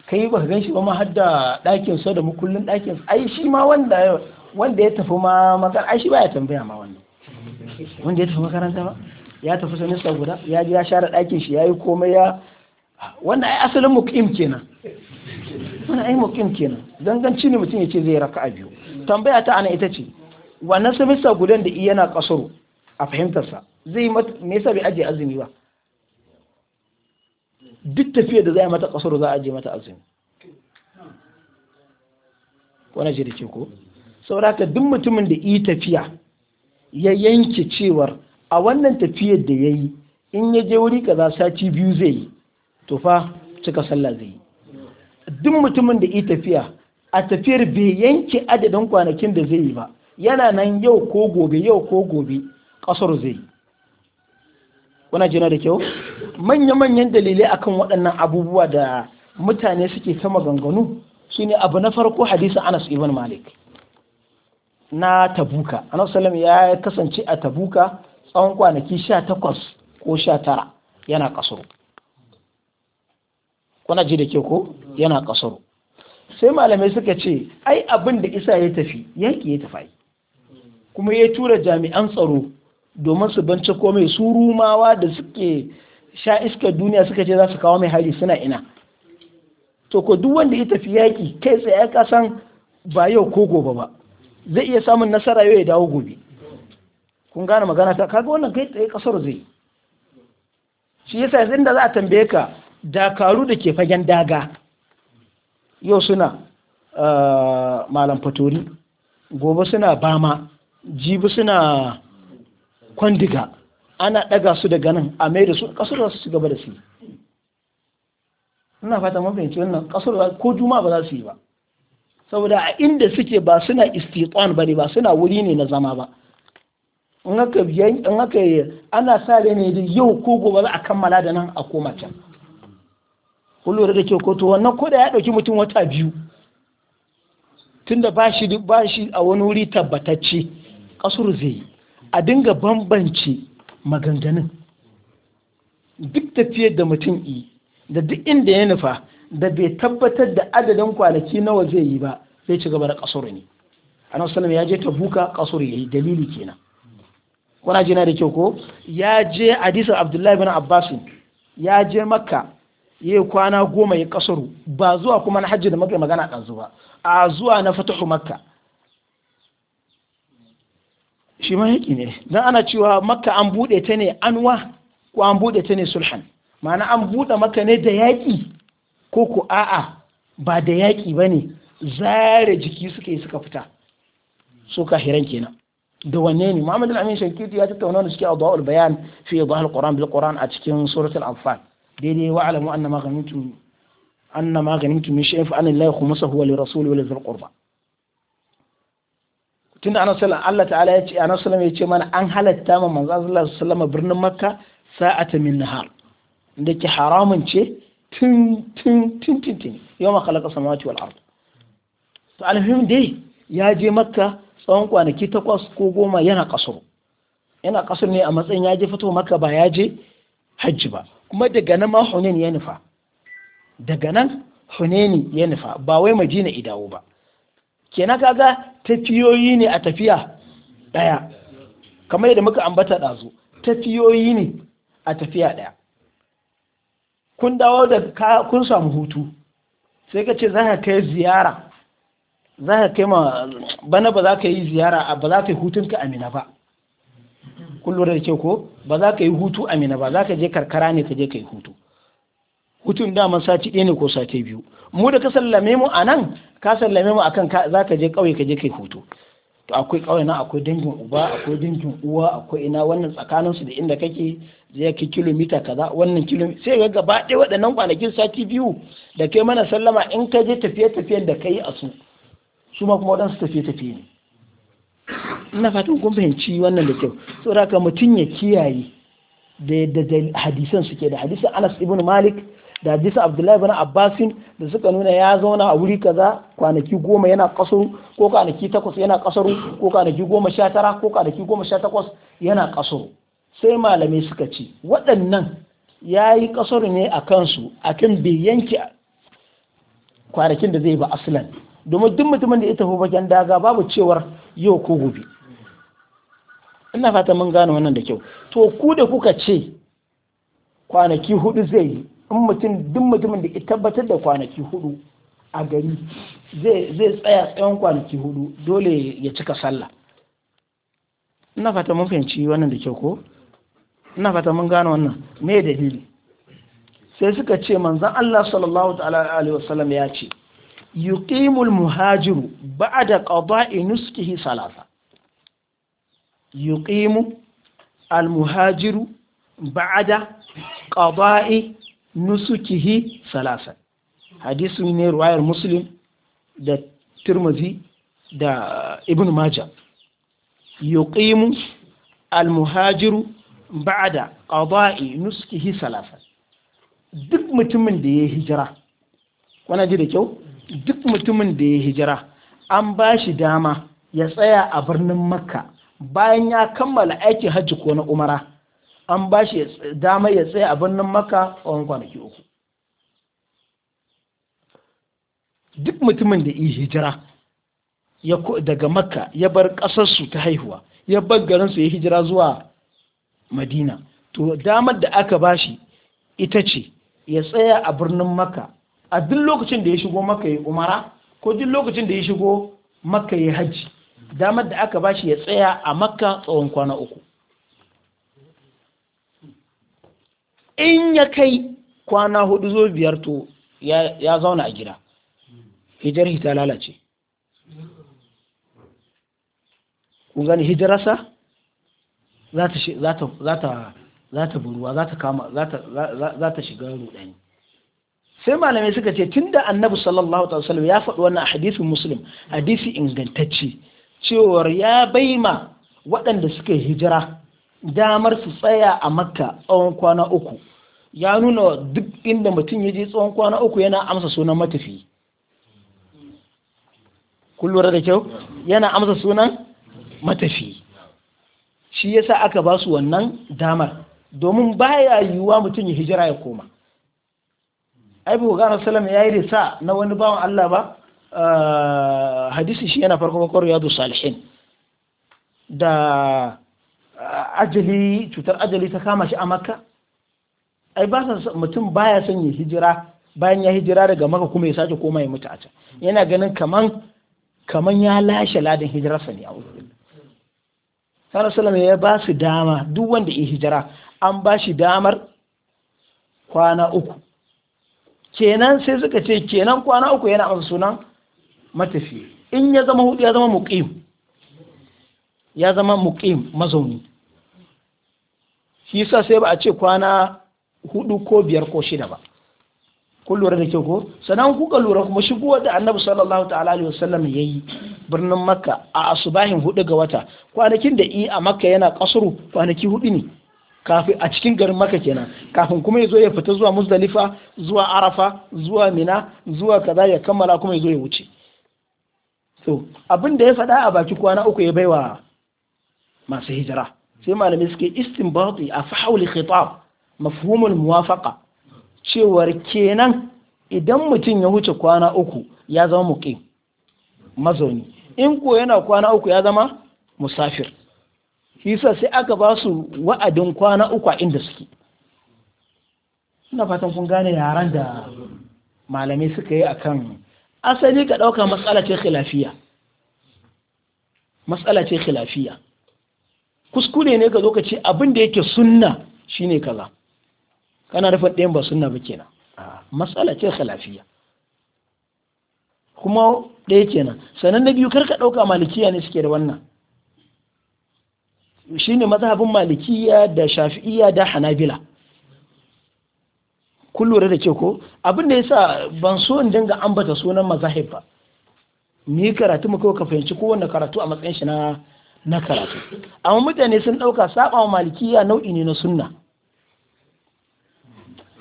kai ba ka gan shi ba ma har da ɗakin so da mukullin ɗakin ai shi ma wanda wanda ya tafi ma makaranta ai shi ba ya tambaya ma wannan wanda ya tafi makaranta ba ya tafi sanista guda ya ji ya share ɗakin shi ya yi komai ya wannan ai asalin mukim kenan wannan ai mukim kenan danganci ne mutum ya ce zai raka a biyu tambaya ta ana ita ce wannan sanista gudan da yana kasoro a fahimtarsa zai me yasa bai ajiye azumi ba duk tafiya da za a mata kasoro za a ajiye mata azumi wani ce da ke ko saboda duk mutumin da yi tafiya ya yanke cewar a wannan tafiyar da ya yi in ya je wuri kaza sati biyu zai yi to fa cika sallah zai yi duk mutumin da yi tafiya a tafiyar bai yanke adadin kwanakin da zai yi ba yana nan yau ko gobe yau ko gobe kasar zai yi kuna jina da kyau manya-manyan dalilai akan waɗannan abubuwa da mutane suke ta maganganu ne abu na farko hadisin anas ibn malik na tabuka anas salam ya kasance a tabuka tsawon kwanaki sha takwas ko sha tara yana kasaro kuna ji da ke ko yana kasaro sai malamai suka ce ai abin da isa ya tafi yanki ya tafi kuma ya tura jami'an tsaro domin su binciko mai su rumawa da suke sha iskar duniya suka ce za su kawo mai hari suna ina to ko duk wanda ya tafi yaki kai tsaye ƙasan ba yau ko gobe ba zai iya samun nasara yau ya dawo gobe kun gane magana ta kaga wannan kai tsaye kasar zai shi yasa yanzu inda za a tambaye ka dakaru da ke fagen daga yau suna eh, malam fatori gobe suna bama jibi suna kwandiga ana ɗaga su daga nan a mai da su kasar za su gaba da su ina fata mafi wannan kasar ko juma ba za su yi ba saboda a inda suke ba suna istitwan ba ne ba suna wuri ne na zama ba in aka yi ana sa da ne da yau ko gobe za a kammala da nan a koma can kullu da ke ko to wannan ko da ya ɗauki mutum wata biyu tunda ba shi a wani wuri tabbatacce kasuru zai a dinga bambance maganganun duk tafiyar da mutum yi da duk inda ya nufa da bai tabbatar da adadin kwanaki nawa zai yi ba zai ci gaba da kasuru ne annabi sallallahu ya je ta tabuka kasuru yayi dalili kenan kuna jina da kyau ko ya je hadisin abdullahi bin abbas ya je makka ya kwana goma ya kasaru ba zuwa kuma na hajji da magana kan ba a zuwa na fatahu makka shi ma yaki ne Dan ana cewa makka an bude ta ne anwa ko an bude ta ne sulhan ma'ana an bude makka ne da yaƙi ko ku a'a ba da yaƙi ba ne zare jiki suka yi suka fita suka hiran kenan da wanne ne Muhammad al-Amin Shankiti ya tattauna da suke adwa'ul bayan fi idah al-Quran bil Quran a cikin suratul Anfal daidai wa alamu anna ma ghanimtum anna ma ghanimtum min shay'in fa anna lillahi khumsahu wa lirasuli wa lizil qurba tunda Anas sallallahu Allah ta'ala ya ce Anas sallallahu ya ce mana an halatta ma manzo sallallahu alaihi wasallam birnin Makka sa'ata min nahar da ke haramun ce tun tun tun tun yau ma khalaqa samawati wal ard to alhamdulillah dai ya je Makka tsawon kwanaki takwas ko goma yana kasuru yana kasuru ne a matsayin ya je fito maka ba ya je hajji ba kuma daga nan ma hunaini ya nufa daga nan hunaini ya nufa ba wai madina idawo ba kenan kaga tafiyoyi ne a tafiya daya kamar yadda muka ambata ɗazu tafiyoyi ne a tafiya ɗaya kun dawo da kun samu hutu sai ka ce za ka kai ziyara za ka kai ma bana ba za ka yi ziyara ba za ka yi hutunka amina ba Kullum da ke ko ba za ka yi hutu amina ba za ka je karkara ne ka je ka yi hutu hutun dama sati ɗaya ne ko sati biyu mu da ka sallame mu a nan ka sallame mu a kan za ka je ƙauye ka je ka yi hutu to akwai ƙauye na akwai dangin uba akwai dangin uwa akwai ina wannan tsakanin su da inda kake zai ki kilomita kaza wannan kilomita sai ga gaba ɗaya waɗannan kwanakin sati biyu da kai mana sallama in ka je tafiye tafiyen da ka yi a su su ma kuma waɗansu tafiye-tafiye ne ina fatan kun fahimci wannan da kyau saboda haka mutum ya kiyaye da yadda hadisan suke da hadisan Anas ibn Malik da hadisan Abdullahi ibn Abbasin da suka nuna ya zauna a wuri kaza kwanaki goma yana kasaru ko kwanaki takwas yana kasaru ko kwanaki goma sha tara ko kwanaki goma sha takwas yana kasaru sai malamai suka ce waɗannan ya yi kasaru ne a kansu akan bai yanke kwanakin da zai ba aslan domin duk mutumin da ya tafi bakin daga babu cewar yau ko gobe ina fata mun gane wannan da kyau to ku da kuka ce kwanaki hudu zai yi in mutum duk mutumin da ya tabbatar da kwanaki hudu a gari zai tsaya tsayon kwanaki hudu dole ya cika sallah ina fata mun fahimci wannan da kyau ko ina fata mun gane wannan me dalili sai suka ce manzon Allah sallallahu alaihi wasallam ya ce yuqimul muhajiru ba'da qada'i nuskihi al muhajiru ba'da qada'i nusukihi salasa hadisi ne ruwayar muslim da tirmidhi da ibn maja yuƙimu al muhajiru ba'da qada'i nuskihi salasa duk mutumin da ya hijira wana ji da kyau duk mutumin da ya hijira an ba shi dama ya tsaya a birnin makka bayan ya kammala aikin hajji ko na umara an ba shi dama ya tsaya a birnin makka tsawon kwanaki uku duk mutumin da ya hijira daga makka ya bar ƙasarsu ta haihuwa ya bar garinsu ya hijira zuwa madina to damar da aka ba shi ita ce ya tsaya a birnin makka a duk lokacin da ya shigo maka ya umara ko duk lokacin da ya shigo maka ya hajji damar da aka bashi ya tsaya a maka, tsawon kwana uku in ya kai kwana hudu zo biyar to ya zauna a gida hijar ta lalace kun gani hijirarsa za ta buruwa shiga rudani sai malamai suka ce tunda annabi sallallahu alaihi wasallam ya faɗi wannan hadisi muslim hadisi ingantacce cewar ya bai ma waɗanda suka hijira damar su tsaya a makka tsawon kwana uku ya nuna duk inda mutum ya je tsawon kwana uku yana amsa sunan matafi kun da kyau yana amsa sunan matafi shi yasa aka ba su wannan damar domin baya yiwuwa mutum ya hijira ya koma ai bu gana sallama yi risa na wani bawan Allah ba ah, hadisi shi yana farko farko riyadu salihin da ah, ajali cutar ajali ta kama shi a makka ai ba mutum baya son ya hijira bayan ya hijira daga maka kuma ya sake koma ya mutu a can yana ganin kaman ya lashe ladin hijirarsa ne a wurin ya ba su dama duk wanda ya hijira an ba shi damar kwana uku kenan sai suka ce kenan kwana uku yana masa sunan matafi in ya zama hudu ya zama muqim ya zama muqim mazauni shi yasa sai ba a ce kwana hudu ko biyar ko shida ba kun lura da kyau ko sannan kuka lura kuma shigowar da annabi sallallahu ta'ala alaihi wasallam yi birnin makka a asubahin hudu ga wata kwanakin da i a makka yana kasuru kwanaki hudu ne kafin a cikin garin maka kenan kafin kuma ya zo ya fita zuwa muzdalifa zuwa arafa zuwa mina zuwa kaza ya kammala kuma ya zo ya wuce so abin da ya faɗa a baki kwana uku ya baiwa masu hijira sai malamai suke istinbati a fahauli khitab mafhumul muwafaqa cewar kenan idan mutum ya wuce kwana uku ya zama muqim mazauni in ko yana kwana uku ya zama musafir yasa sai aka ba su wa'adin kwana uku a inda suke ina fatan kun gane yaran da malamai suka yi a kan asali ka ɗauka matsala ce khilafiya matsala ce khilafiya kuskure ne ka zo ka ce abin da yake sunna shine kaza kana rufe ɗayan ba sunna ba kenan matsala ce khilafiya kuma ɗaya kenan sannan na biyu karka ɗauka malikiya ne suke da wannan ne mazhabin malikiya da shafi'iya da hanabila kun da ke ko abin da sa ban so in dinga ambata sunan mazahib ba mu yi karatu mu kai ka fahimci kowanne karatu a matsayin shi na na karatu amma mutane sun dauka saba wa malikiya nau'i ne na sunna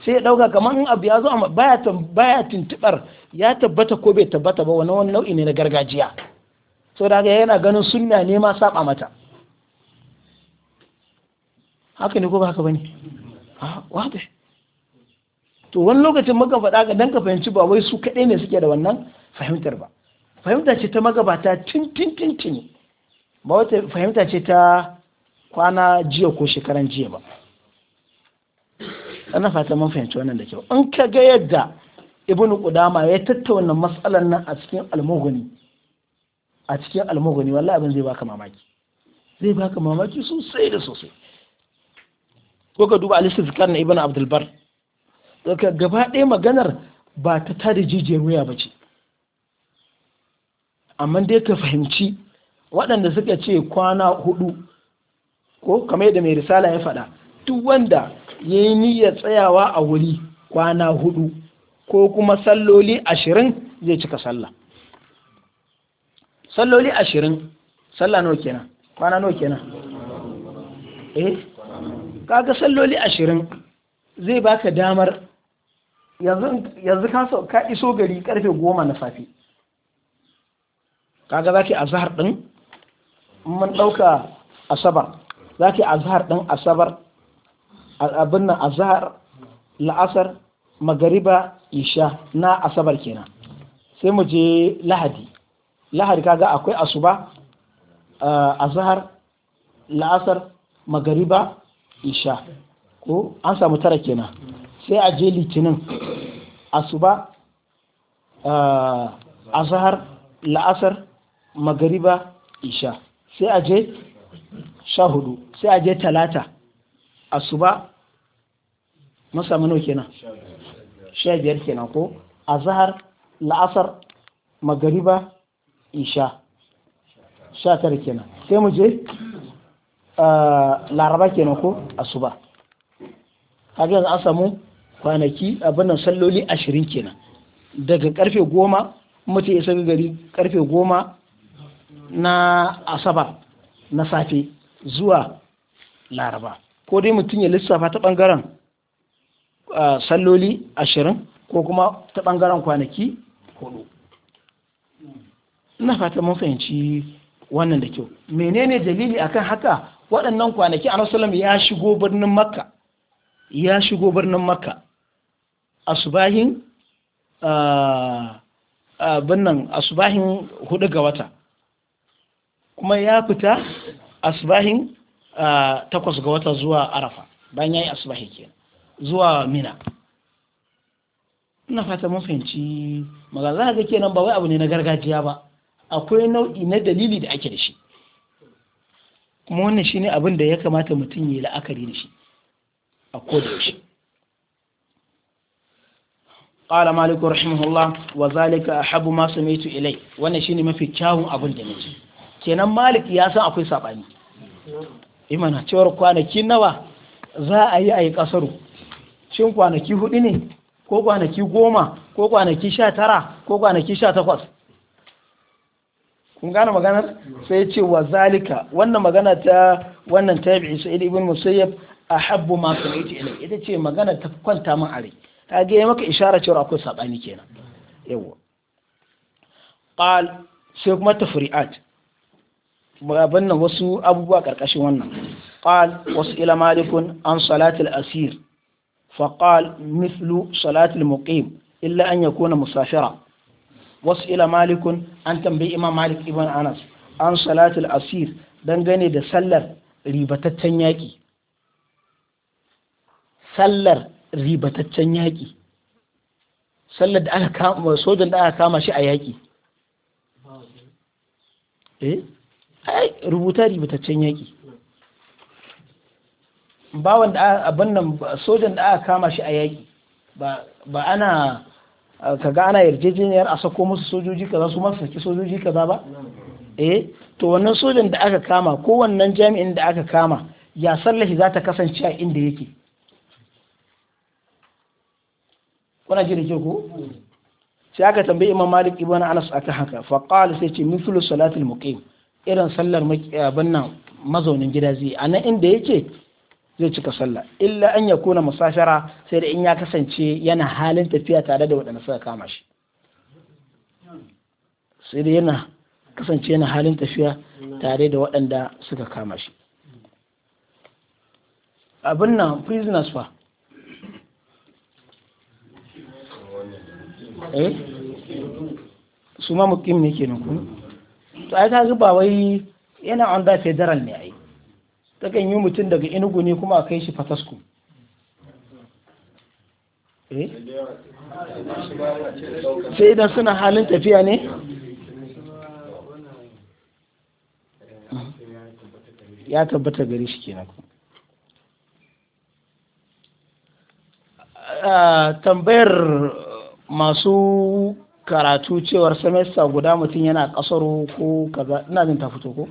sai ya dauka kamar in abu ya zo a baya baya tuntubar ya tabbata ko bai tabbata ba wani nau'i ne na gargajiya saboda haka yana ganin sunna ne ma saba mata haka ne ko ba haka bane a ah, wata to wani lokacin muka faɗa ga danka ka fahimci ba wai su kaɗai ne suke da wannan fahimtar ba fahimta ce ta magabata tin tin tin tin ba wata fahimta ce ta kwana jiya ko shekaran jiya ba ana fata mun fahimci wannan da kyau in ka ga yadda ibn qudama ya tattauna matsalar nan a cikin almughni a cikin almughni wallahi abin zai baka mamaki zai baka mamaki sosai da sosai ko ka duba alisu zikar na ibnu abdulbar bar ka gaba ɗaya maganar ba ta tada jijiyar wuya ba ce amma dai ka fahimci waɗanda suka ce kwana hudu ko kamar yadda mai risala ya faɗa duk wanda ya yi niyyar tsayawa a wuri kwana hudu ko kuma salloli ashirin zai cika sallah salloli ashirin sallah nawa kenan kwana nawa kenan eh kaga salloli ashirin zai baka damar yanzu ka iso gari karfe goma na safe kaga zaki a zahar ɗin mun ɗauka asabar Zaki a zahar ɗin asabar abin nan zahar, la'asar magariba isha na asabar kenan sai mu je lahadi lahadi kaga akwai asuba zahar, la'asar magariba isha ko an samu tara kenan sai a je litinin asuba ah, zahar la'asar magariba isha sai a je sha hudu sai a je talata asuba masamu kenan sha biyar kenan ko a zahar la'asar magariba isha sha tara kenan sai mu je Eh, laraba kenan ko asuba kaga yanzu a samu kwanaki abin nan salloli ashirin kenan daga karfe goma mace ya saka gari karfe goma na asaba na safe zuwa laraba ko dai mutum ya lissafa ta bangaren eh, salloli ashirin ko kuma ta bangaren kwanaki hudu ina fata mun fahimci wannan da kyau menene dalili akan haka waɗannan kwanaki a rasulun ya shigo birnin makka ya shigo birnin makka a subahin ah, ah, binnan a subahin hudu ga wata kuma ya fita a subahin ah, takwas ga wata zuwa arafa bayan ya yi asubahi ke zuwa mina ina fata mun fahimci magana za ga kenan ba wai abu ne na gargajiya ba akwai nau'i na dalili da ake da shi kuma wannan shi ne abin da ya kamata mutum ya yi la'akari da shi a kodayaushe قال مالك رحمه الله وذلك habu masu metu ilai wannan ne mafi kyawun abin da nake kenan malik ya san akwai saɓani imana cewar kwanaki nawa za a yi a yi ƙasaru? shin kwanaki hudu ne ko kwanaki goma ko kwanaki sha tara ko kwanaki sha takwas kun gane maganar sai ce wa zalika wannan magana ta wannan tabi'i sa'id ibn musayyab ahabbu ma sami'tu ilai ita ce magana ta kwanta min are ta ga maka isharar cewa akwai sabani kenan yawa qal sai kuma tafri'at abin nan wasu abubuwa karkashin wannan qal wasu ila malikun an salatul asir fa qal mithlu salatul muqim illa an yakuna musafira wasu ila malikun an tambayi imam malik ibn anas an salatul asir dangane da sallar ribataccen yaƙi sallar ribataccen yaƙi sallar da aka kama sojan da aka kama shi a yaƙi eh rubuta ribataccen yaƙi bawan da abin nan sojan da aka kama shi a yaƙi ba ana Ka ga ana yarjejeniyar a sako musu sojoji kaza su masu saki sojoji kaza ba eh to wannan sojan da aka kama ko wannan jami'in da aka kama ya sallahi za ta kasance a inda yake kuna ji da ke ko sai aka tambayi imam malik ibn anas aka haka fa qala sai ce mithlu salatul muqim irin sallar abin nan mazaunin gida zai nan inda yake zai cika sallah illa an ya kuna musafira sai da in ya kasance yana halin tafiya tare da waɗanda suka kama shi sai da yana kasance yana halin tafiya tare da waɗanda suka kama shi abin nan prisoners fa eh su ma mukim ne kenan kuma to ai ka ga ba wai yana on da federal ne ai Sakan yi mutum daga inugu ne kuma a kai shi fatasku eh? sai idan suna halin tafiya ne ya tabbata gari shi kenan tambayar masu karatu cewar semesta guda mutum yana kasaro ko kaza ina jin ta fito ko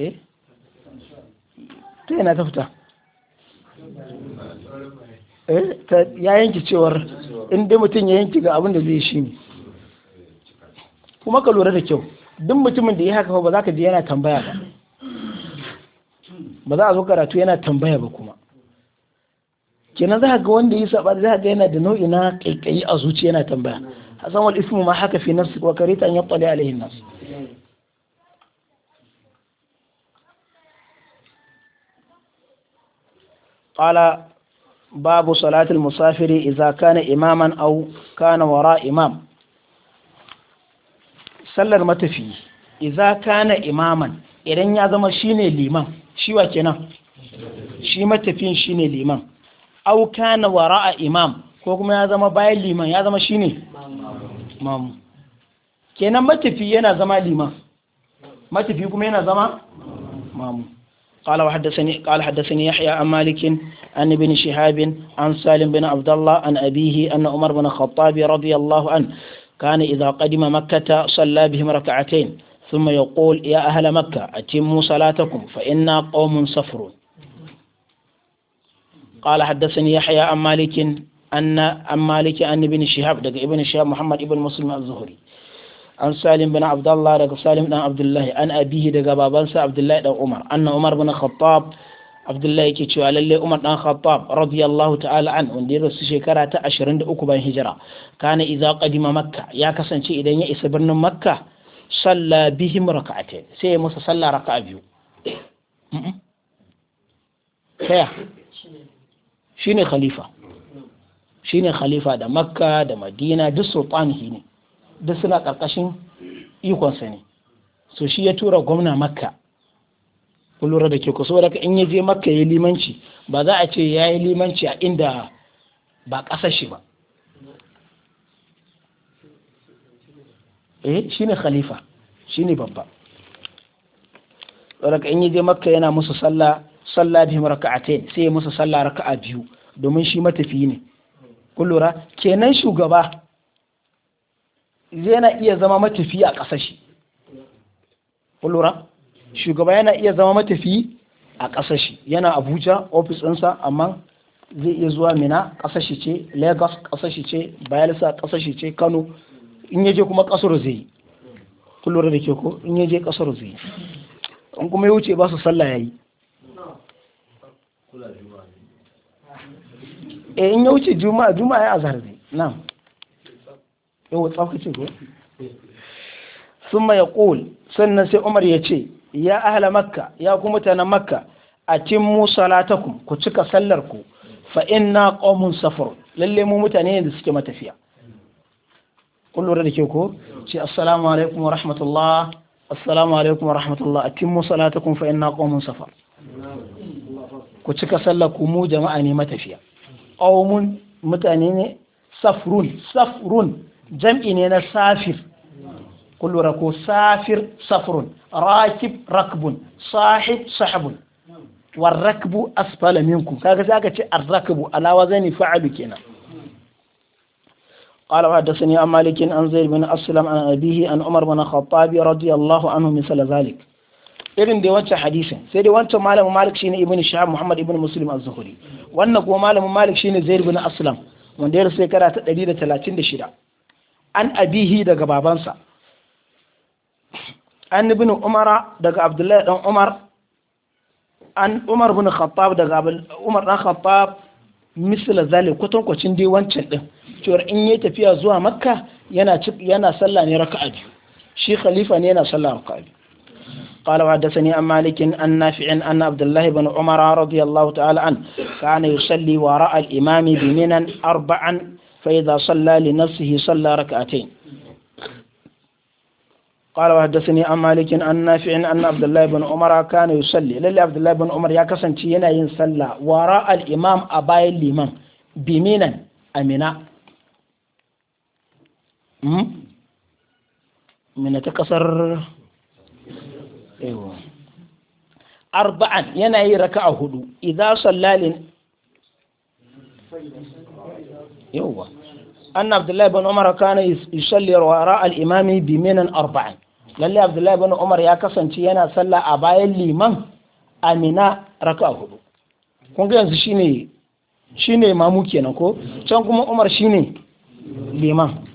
eh ta yana ta fita eh, ya yanki cewar inda mutum ya yanki ga abin da zai shi ne kuma ka lura da kyau duk mutumin da ya haka ba za ka ji yana tambaya ba ba za a zo karatu yana tambaya ba kuma kenan za ga wanda ya saba za ga yana da nau'i na kaikayi a zuciya yana tambaya hasan wal ismu ma haka fi nafsi wa karita an yattali alaihi nas qala babu salatin musafiri idza kana imaman aw kana wara sallar matafi idan ya zama shi wa liman aw kana wara imam ko kuma ya zama bayan liman ya zama shine mamu kenan matafi yana zama liman matafi kuma yana zama mamu قال وحدثني قال حدثني يحيى عن مالك عن ابن شهاب عن سالم بن عبد الله عن أبيه أن عمر بن الخطاب رضي الله عنه كان إذا قدم مكة صلى بهم ركعتين ثم يقول يا أهل مكة أتموا صلاتكم فإنا قوم صفرون قال حدثني يحيى عن مالك أن عن مالك عن ابن شهاب دق ابن شهاب محمد ابن مسلم الزهري an salim bin abdullah daga salim dan abdullahi an abihi daga babansa abdullahi dan umar anna umar bin khattab abdullahi yake cewa lalle umar dan khattab radiyallahu ta'ala an wanda ya rasu shekara ta 23 bayan hijira kana idza qadima makka ya kasance idan ya isa birnin makka salla bihim raka'atain sai ya musu salla raka'a biyu kaya shine khalifa shine khalifa da makka da madina duk sultanihi ne duk suna ƙarƙashin ikonsa ne so shi ya tura gwamna makka kun lura da ke kusa saboda in ya je makka ya limanci ba za a ce ya yi limanci a inda ba ƙasar shi ba eh shi ne khalifa shi ne babba saboda in ya je makka yana musu sallah sallah bihim raka'atain sai ya musu sallah raka'a biyu domin shi matafi ne kullura kenan shugaba yana iya zama matafi a ƙasar shi shugaba yana iya zama matafi a ƙasar shi yana abuja ofis ɗinsa amma zai iya zuwa mina ƙasar shi ce lagos ƙasar shi ce bayelsa ƙasar shi ce kano in yaje kuma ƙasar zai yi kun da ke ko in yaje ƙasar zai yi in kuma ya wuce ba su sallah ya yi eh, in ya wuce juma'a juma'a ya azhar zai na'am yau tsafacin ko sun ya ƙul sannan sai umar ya ce ya ahala makka ya kuma mutanen makka a cin salatakum ku cika sallar ku fa inna qaumun safar lalle mu mutane ne da suke matafiya kun lura da ke ko ce assalamu alaikum wa rahmatullah assalamu alaikum wa rahmatullah atimmu salatakum fa inna qaumun safar ku cika sallar ku mu jama'a ne matafiya qaumun mutane ne safrun safrun jam'i ne na safir kullura ko safir safrun rakib rakbun sahib sahabun warrakbu asfala minkum kaga sai aka ce arrakbu alawa zani fa'alu kenan قال وحدثني عن مالك عن زيد بن اسلم عن ابيه عن عمر بن الخطاب رضي الله عنه مثل ذلك irin da wancan hadisin sai dai wancan malamin malik shine ibn shahab muhammad ibn muslim az-zuhri wannan kuma malamin malik shine zaid bin aslam wanda ya rasu shekara ta 136 an abihi daga babansa an ibn umara daga abdullahi dan umar an umar bin khattab daga umar dan khattab misal zalik kwatankwacin dai wancan din cewar in yi tafiya zuwa makka yana yana sallah ne raka'a biyu shi khalifa ne yana sallah raka'a biyu قال وحدثني عن مالك عن نافع أن عبد الله بن عمر رضي الله تعالى عنه كان يصلي وراء الإمام بمنا أربعا فإذا صلى لنفسه صلى ركعتين قال وحدثني عن مالك عن نافع أن عبد الله بن عمر كان يصلي للي عبد الله بن عمر يا كسن تينا ينصلى وراء الإمام أباي الإمام بمينا أمنا من تكسر أيوه أربعا ينا ركعة هدو إذا صلى yauwa anna abdullahi ibn umar kana yusalli wara al-imami bi minan arba'in lalle abdullahi ibn umar ya kasance yana sallah a bayan liman amina raka'a hudu kun ga yanzu shine shine mamu kenan ko can kuma umar shine liman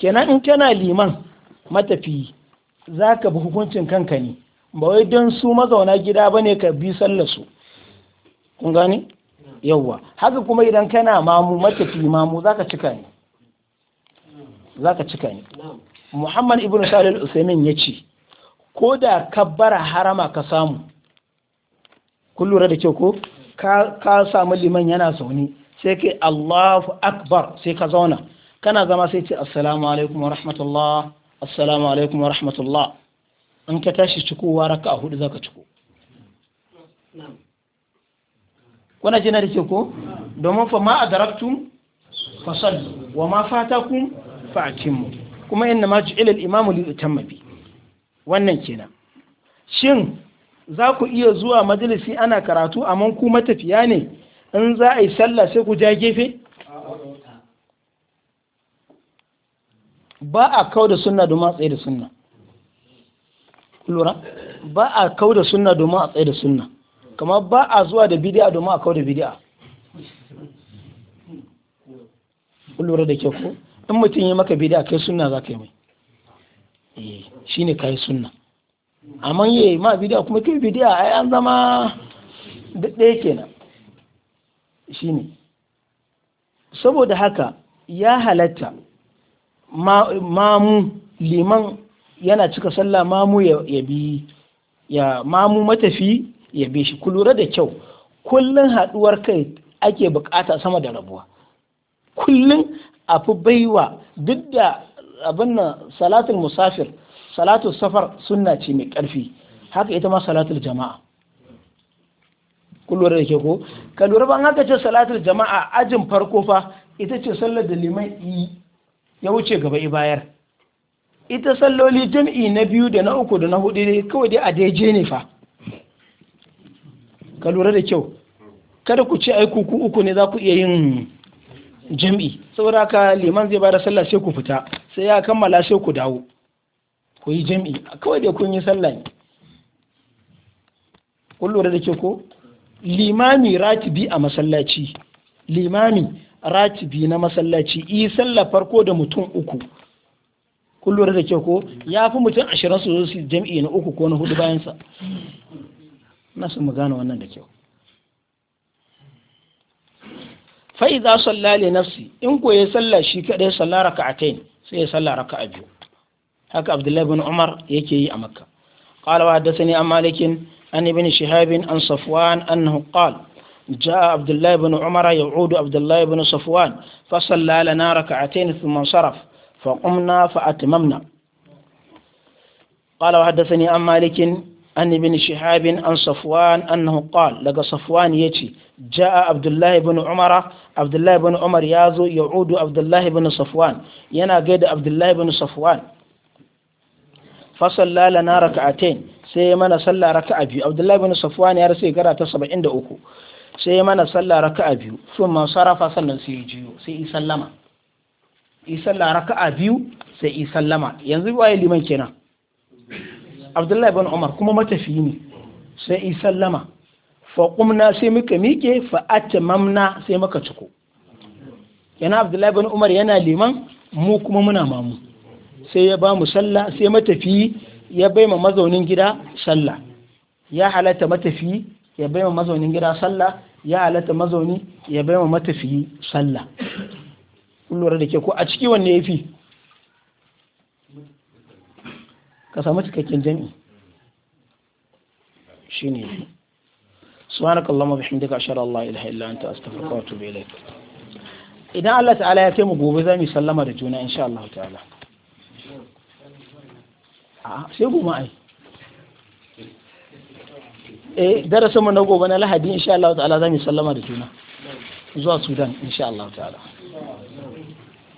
kenan in kana liman matafi zaka bi hukuncin kanka ne ba wai don su mazauna gida bane ka bi sallar su kun gane yawwa haka kuma idan kana mamu matafi mamu zaka cika ne zaka cika ne Muhammad ibn Salih al-Usaimin yace ko da kabbara harama ka samu kun lura da kyau ko ka samu liman yana sauni sai kai Allahu akbar sai ka zauna kana zama sai ce assalamu alaikum wa rahmatullah assalamu alaikum wa rahmatullah in ka tashi cikowa raka'a a hudu zaka ciko kuna jina da ke ko domin fa ma adaraktum fa sallu wa ma fatakum fa atimmu kuma inna ma ju'ila al-imamu li yutamma bi wannan kenan shin za ku iya zuwa majalisi ana karatu amma ku matafiya ne in za a yi sallah sai ku ja gefe ba a kau da sunna domin a tsaye da sunna ba a kau da sunna domin a tsaye da sunna kamar ba a zuwa da bidiya domin a kawo da bidiya lura da ke ko in mutum yi maka bidiya kai sunna za ka yi mai eh, shi ne kayi sunna amma yi ma bidiya kuma kai bidiya ai an zama ɗaya kenan shi ne saboda haka ya halatta mamu liman yana cika sallah mamu ya bi ya mamu matafi ya bi shi ku lura da kyau kullun haɗuwar kai ake bukata sama da rabuwa kullun a fi baiwa duk da abin nan salatul musafir salatul safar sunna ce mai ƙarfi haka ita ma salatul jama'a kullu da ke ko ka lura ban haka ce salatul jama'a ajin farko fa ita ce sallar da liman yi ya wuce gaba bayar ita salloli jam'i na biyu da na uku da na hudu dai kawai dai a daije ne fa ka lura da kyau kada ku ce aiku ku uku ne za ku iya yin jam'i saboda haka liman zai bada sallah sai ku fita sai ya kammala sai ku dawo ku yi jam'i kawai da kun yi sallah ne kun lura da kyau ko limami ratibi a masallaci limami ratibi na masallaci yi sallah farko da mutum uku kun lura da kyau ko ya fi mutum ashirin su zo su jam'i na uku ko na hudu bayansa ana so mu gane wannan da kyau Fa'iza sallale salla nafsi in ko ya salla shi kadai salla raka'atayn sai ya salla raka'a biyu haka abdullahi bin umar yake yi a makka qala wa hadathani an malikin an ibn shihab an safwan annahu qala جاء عبد الله بن عمر يعود عبد الله بن صفوان فصلى لنا ركعتين ثم انصرف فقمنا فأتممنا قال وحدثني عن مالك an ibn shihabin an safwan annahu qal daga safwan yace ja'a abdullah ibn umar abdullah ibn umar yazo yaudu abdullah ibn safwan yana gaida abdullah ibn safwan fa salla lana rak'atain sai mana salla raka'a biyu abdullah ibn safwan ya rasu gara ta 73 sai mana salla raka'a biyu sun thumma sarafa sannan sai jiyo sai sallama yi sallah raka'a biyu sai yi sallama yanzu waye liman kenan abdullahi ibn umar kuma matafiyi ne sai yi sallama fa kumna sai muka mike fa atamamna sai muka ciko yana abdullahi ibn umar yana liman mu kuma muna mamu sai ya ba mu sallah sai matafiyi ya bai ma mazaunin gida sallah ya halatta matafiyi ya bai ma mazaunin gida sallah ya halatta mazauni ya bai ma matafiyi sallah kun da ke ko a ciki wanne yafi ka samu cikakken jami'i shine subhanakallahumma bihamdika ashhadu an la ilaha illa anta astaghfiruka wa atubu ilaik idan Allah ta'ala ya kai mu gobe za mu sallama da juna insha Allah ta'ala a sai goma ai eh darasin mu na gobe na Lahadi insha Allah ta'ala za mu sallama da juna zuwa Sudan insha Allah ta'ala